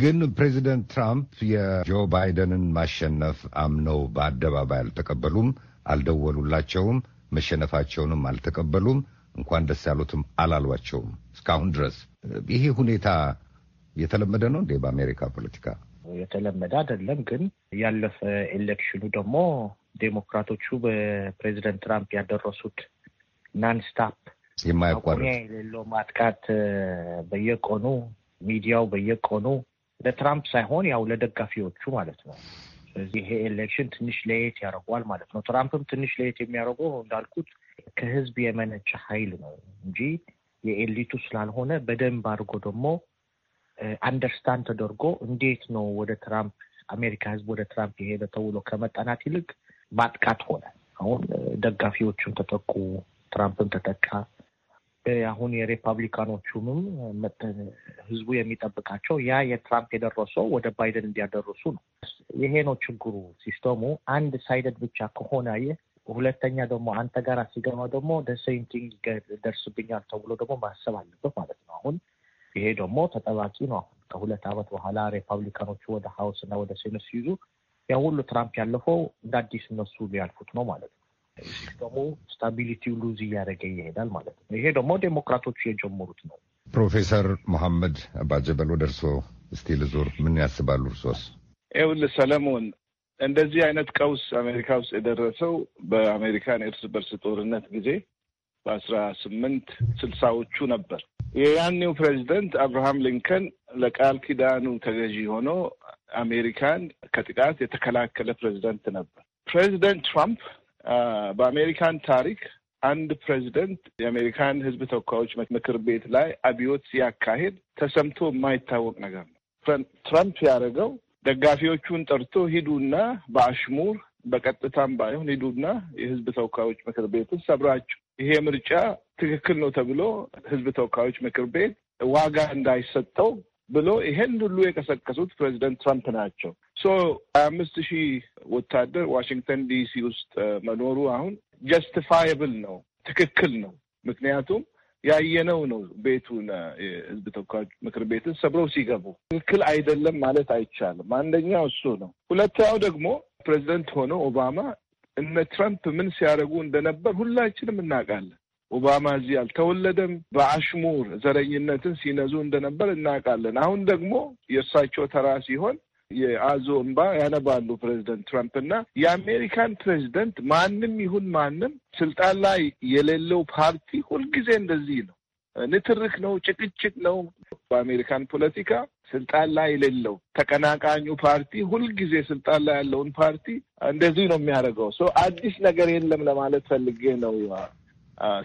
ግን ፕሬዚደንት ትራምፕ የጆ ባይደንን ማሸነፍ አምነው በአደባባይ አልተቀበሉም፣ አልደወሉላቸውም፣ መሸነፋቸውንም አልተቀበሉም፣ እንኳን ደስ ያሉትም አላሏቸውም እስካሁን ድረስ። ይሄ ሁኔታ የተለመደ ነው እንዴ? በአሜሪካ ፖለቲካ የተለመደ አይደለም። ግን ያለፈ ኤሌክሽኑ ደግሞ ዴሞክራቶቹ በፕሬዚደንት ትራምፕ ያደረሱት ናንስታፕ የማያቋርጥ የሌለው ማጥቃት በየቀኑ ሚዲያው በየቀኑ ለትራምፕ ሳይሆን ያው ለደጋፊዎቹ ማለት ነው። ስለዚህ ይሄ ኤሌክሽን ትንሽ ለየት ያደርገዋል ማለት ነው። ትራምፕም ትንሽ ለየት የሚያደርገው እንዳልኩት ከህዝብ የመነጨ ኃይል ነው እንጂ የኤሊቱ ስላልሆነ በደንብ አድርጎ ደግሞ አንደርስታንድ ተደርጎ እንዴት ነው ወደ ትራምፕ አሜሪካ ህዝብ ወደ ትራምፕ የሄደ ተውሎ ከመጠናት ይልቅ ማጥቃት ሆነ። አሁን ደጋፊዎቹን ተጠቁ ትራምፕን ተተካ። አሁን የሪፐብሊካኖቹንም ህዝቡ የሚጠብቃቸው ያ የትራምፕ የደረሰው ወደ ባይደን እንዲያደርሱ ነው። ይሄ ነው ችግሩ። ሲስተሙ አንድ ሳይደድ ብቻ ከሆነ ይህ ሁለተኛ ደግሞ አንተ ጋር ሲገባ ደግሞ ደሴንቲንግ ደርስብኛል ተብሎ ደግሞ ማሰብ አለበት ማለት ነው። አሁን ይሄ ደግሞ ተጠባቂ ነው። አሁን ከሁለት ዓመት በኋላ ሪፐብሊካኖቹ ወደ ሀውስ እና ወደ ሴነት ሲይዙ ያ ሁሉ ትራምፕ ያለፈው እንደ አዲስ እነሱ ሊያልፉት ነው ማለት ነው። ደግሞ ስታቢሊቲው ሉዝ እያደረገ ይሄዳል ማለት ነው። ይሄ ደግሞ ዴሞክራቶቹ የጀመሩት ነው። ፕሮፌሰር መሐመድ አባጀበል ወደ እርሶ ስቲል ዙር ምን ያስባሉ እርሶስ? ይኸውልህ ሰለሞን፣ እንደዚህ አይነት ቀውስ አሜሪካ ውስጥ የደረሰው በአሜሪካን የእርስ በርስ ጦርነት ጊዜ በአስራ ስምንት ስልሳዎቹ ነበር። የያኔው ፕሬዚደንት አብርሃም ሊንከን ለቃል ኪዳኑ ተገዢ ሆኖ አሜሪካን ከጥቃት የተከላከለ ፕሬዚደንት ነበር። ፕሬዚደንት ትራምፕ በአሜሪካን ታሪክ አንድ ፕሬዚደንት የአሜሪካን ሕዝብ ተወካዮች ምክር ቤት ላይ አብዮት ሲያካሄድ ተሰምቶ የማይታወቅ ነገር ነው። ትራምፕ ያደረገው ደጋፊዎቹን ጠርቶ ሂዱና በአሽሙር በቀጥታም ባይሆን ሂዱና የሕዝብ ተወካዮች ምክር ቤትን ሰብራችሁ ይሄ ምርጫ ትክክል ነው ተብሎ ሕዝብ ተወካዮች ምክር ቤት ዋጋ እንዳይሰጠው ብሎ ይሄን ሁሉ የቀሰቀሱት ፕሬዚደንት ትራምፕ ናቸው። ሶ አምስት ሺህ ወታደር ዋሽንግተን ዲሲ ውስጥ uh, መኖሩ አሁን ጀስቲፋየብል ነው፣ ትክክል ነው። ምክንያቱም ያየነው ነው። ቤቱን uh, የህዝብ ተወካዮች ምክር ቤትን ሰብረው ሲገቡ ትክክል አይደለም ማለት አይቻልም። አንደኛው እሱ ነው። ሁለተኛው ደግሞ ፕሬዚደንት ሆነው ኦባማ እነ ትራምፕ ምን ሲያደርጉ እንደነበር ሁላችንም እናውቃለን። ኦባማ እዚህ አልተወለደም። በአሽሙር ዘረኝነትን ሲነዙ እንደነበር እናውቃለን። አሁን ደግሞ የእርሳቸው ተራ ሲሆን የአዞ እንባ ያነባሉ ፕሬዚደንት ትራምፕ እና የአሜሪካን ፕሬዚደንት ማንም ይሁን ማንም ስልጣን ላይ የሌለው ፓርቲ ሁልጊዜ እንደዚህ ነው። ንትርክ ነው፣ ጭቅጭቅ ነው። በአሜሪካን ፖለቲካ ስልጣን ላይ የሌለው ተቀናቃኙ ፓርቲ ሁልጊዜ ስልጣን ላይ ያለውን ፓርቲ እንደዚህ ነው የሚያደርገው። ሰው አዲስ ነገር የለም ለማለት ፈልጌ ነው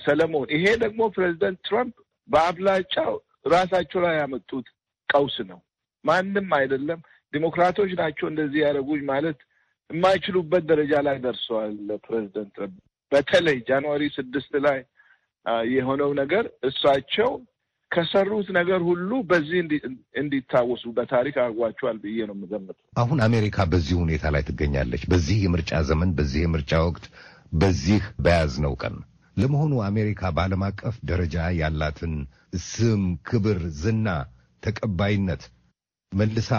ሰለሞን። ይሄ ደግሞ ፕሬዚደንት ትራምፕ በአብላጫው ራሳቸው ላይ ያመጡት ቀውስ ነው። ማንም አይደለም ዲሞክራቶች ናቸው እንደዚህ ያደረጉኝ ማለት የማይችሉበት ደረጃ ላይ ደርሰዋል። ፕሬዚደንት በተለይ ጃንዋሪ ስድስት ላይ የሆነው ነገር እሳቸው ከሰሩት ነገር ሁሉ በዚህ እንዲታወሱ በታሪክ አድርጓቸዋል ብዬ ነው የምገምተው። አሁን አሜሪካ በዚህ ሁኔታ ላይ ትገኛለች። በዚህ የምርጫ ዘመን፣ በዚህ የምርጫ ወቅት፣ በዚህ በያዝነው ቀን ለመሆኑ አሜሪካ በዓለም አቀፍ ደረጃ ያላትን ስም፣ ክብር፣ ዝና፣ ተቀባይነት መልሳ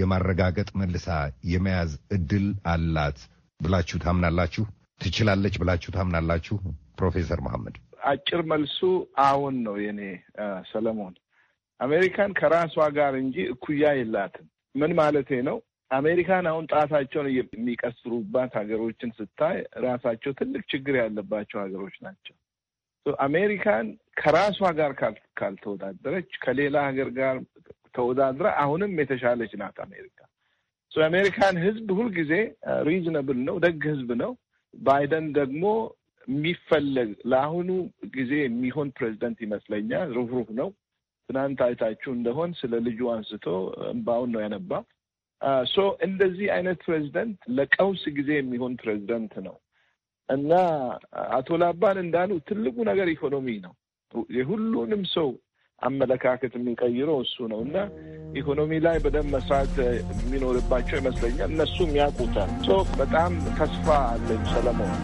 የማረጋገጥ መልሳ የመያዝ እድል አላት ብላችሁ ታምናላችሁ? ትችላለች ብላችሁ ታምናላችሁ? ፕሮፌሰር መሐመድ አጭር መልሱ አሁን ነው የኔ ሰለሞን። አሜሪካን ከራሷ ጋር እንጂ እኩያ የላትም። ምን ማለቴ ነው? አሜሪካን አሁን ጣታቸውን የሚቀስሩባት ሀገሮችን ስታይ ራሳቸው ትልቅ ችግር ያለባቸው ሀገሮች ናቸው። አሜሪካን ከራሷ ጋር ካልተወዳደረች ከሌላ ሀገር ጋር ተወዳድራ አሁንም የተሻለች ናት አሜሪካ። የአሜሪካን ህዝብ ሁልጊዜ ሪዝነብል uh, ነው፣ ደግ ህዝብ ነው። ባይደን ደግሞ የሚፈለግ ለአሁኑ ጊዜ የሚሆን ፕሬዚደንት ይመስለኛል። ሩህሩህ ነው። ትናንት አይታችሁ እንደሆን ስለ ልጁ አንስቶ እምባውን ነው ያነባ። ሶ uh, እንደዚህ አይነት ፕሬዚደንት ለቀውስ ጊዜ የሚሆን ፕሬዚደንት ነው እና አቶ ላባን እንዳሉ ትልቁ ነገር ኢኮኖሚ ነው። የሁሉንም ሰው አመለካከት የሚቀይረው እሱ ነው እና ኢኮኖሚ ላይ በደንብ መስራት የሚኖርባቸው ይመስለኛል። እነሱም ያውቁታል። በጣም ተስፋ አለኝ ሰለሞን።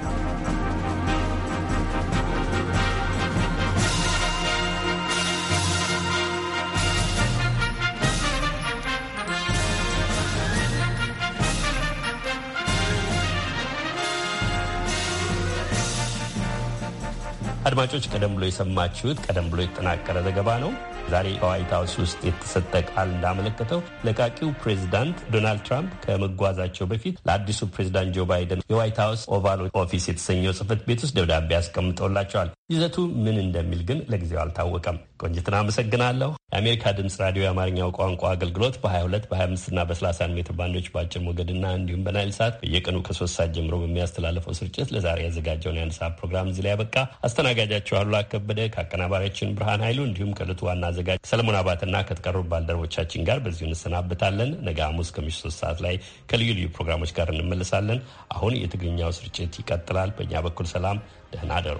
አድማጮች፣ ቀደም ብሎ የሰማችሁት ቀደም ብሎ የተጠናቀረ ዘገባ ነው። ዛሬ በዋይት ሀውስ ውስጥ የተሰጠ ቃል እንዳመለከተው ለቃቂው ፕሬዚዳንት ዶናልድ ትራምፕ ከመጓዛቸው በፊት ለአዲሱ ፕሬዚዳንት ጆ ባይደን የዋይት ሀውስ ኦቫል ኦፊስ የተሰኘው ጽህፈት ቤት ውስጥ ደብዳቤ አስቀምጠውላቸዋል። ይዘቱ ምን እንደሚል ግን ለጊዜው አልታወቀም። ቆንጅትን አመሰግናለሁ። የአሜሪካ ድምፅ ራዲዮ የአማርኛው ቋንቋ አገልግሎት በ22 በ25 እና በ31 ሜትር ባንዶች በአጭር ሞገድና እንዲሁም በናይል ሰዓት በየቀኑ ከሶስት ሰዓት ጀምሮ በሚያስተላለፈው ስርጭት ለዛሬ ያዘጋጀውን የአንድ ሰዓት ፕሮግራም እዚህ ላይ ያበቃ። አስተናጋጃችሁ አሉላ ከበደ ከአቀናባሪያችን ብርሃን ኃይሉ እንዲሁም ከዕለቱ ዋና አዘጋጅ ሰለሞን አባትና ከተቀሩ ባልደረቦቻችን ጋር በዚሁ እንሰናብታለን። ነገ ሐሙስ ከምሽቱ ሶስት ሰዓት ላይ ከልዩ ልዩ ፕሮግራሞች ጋር እንመለሳለን። አሁን የትግርኛው ስርጭት ይቀጥላል። በእኛ በኩል ሰላም፣ ደህና አደሩ።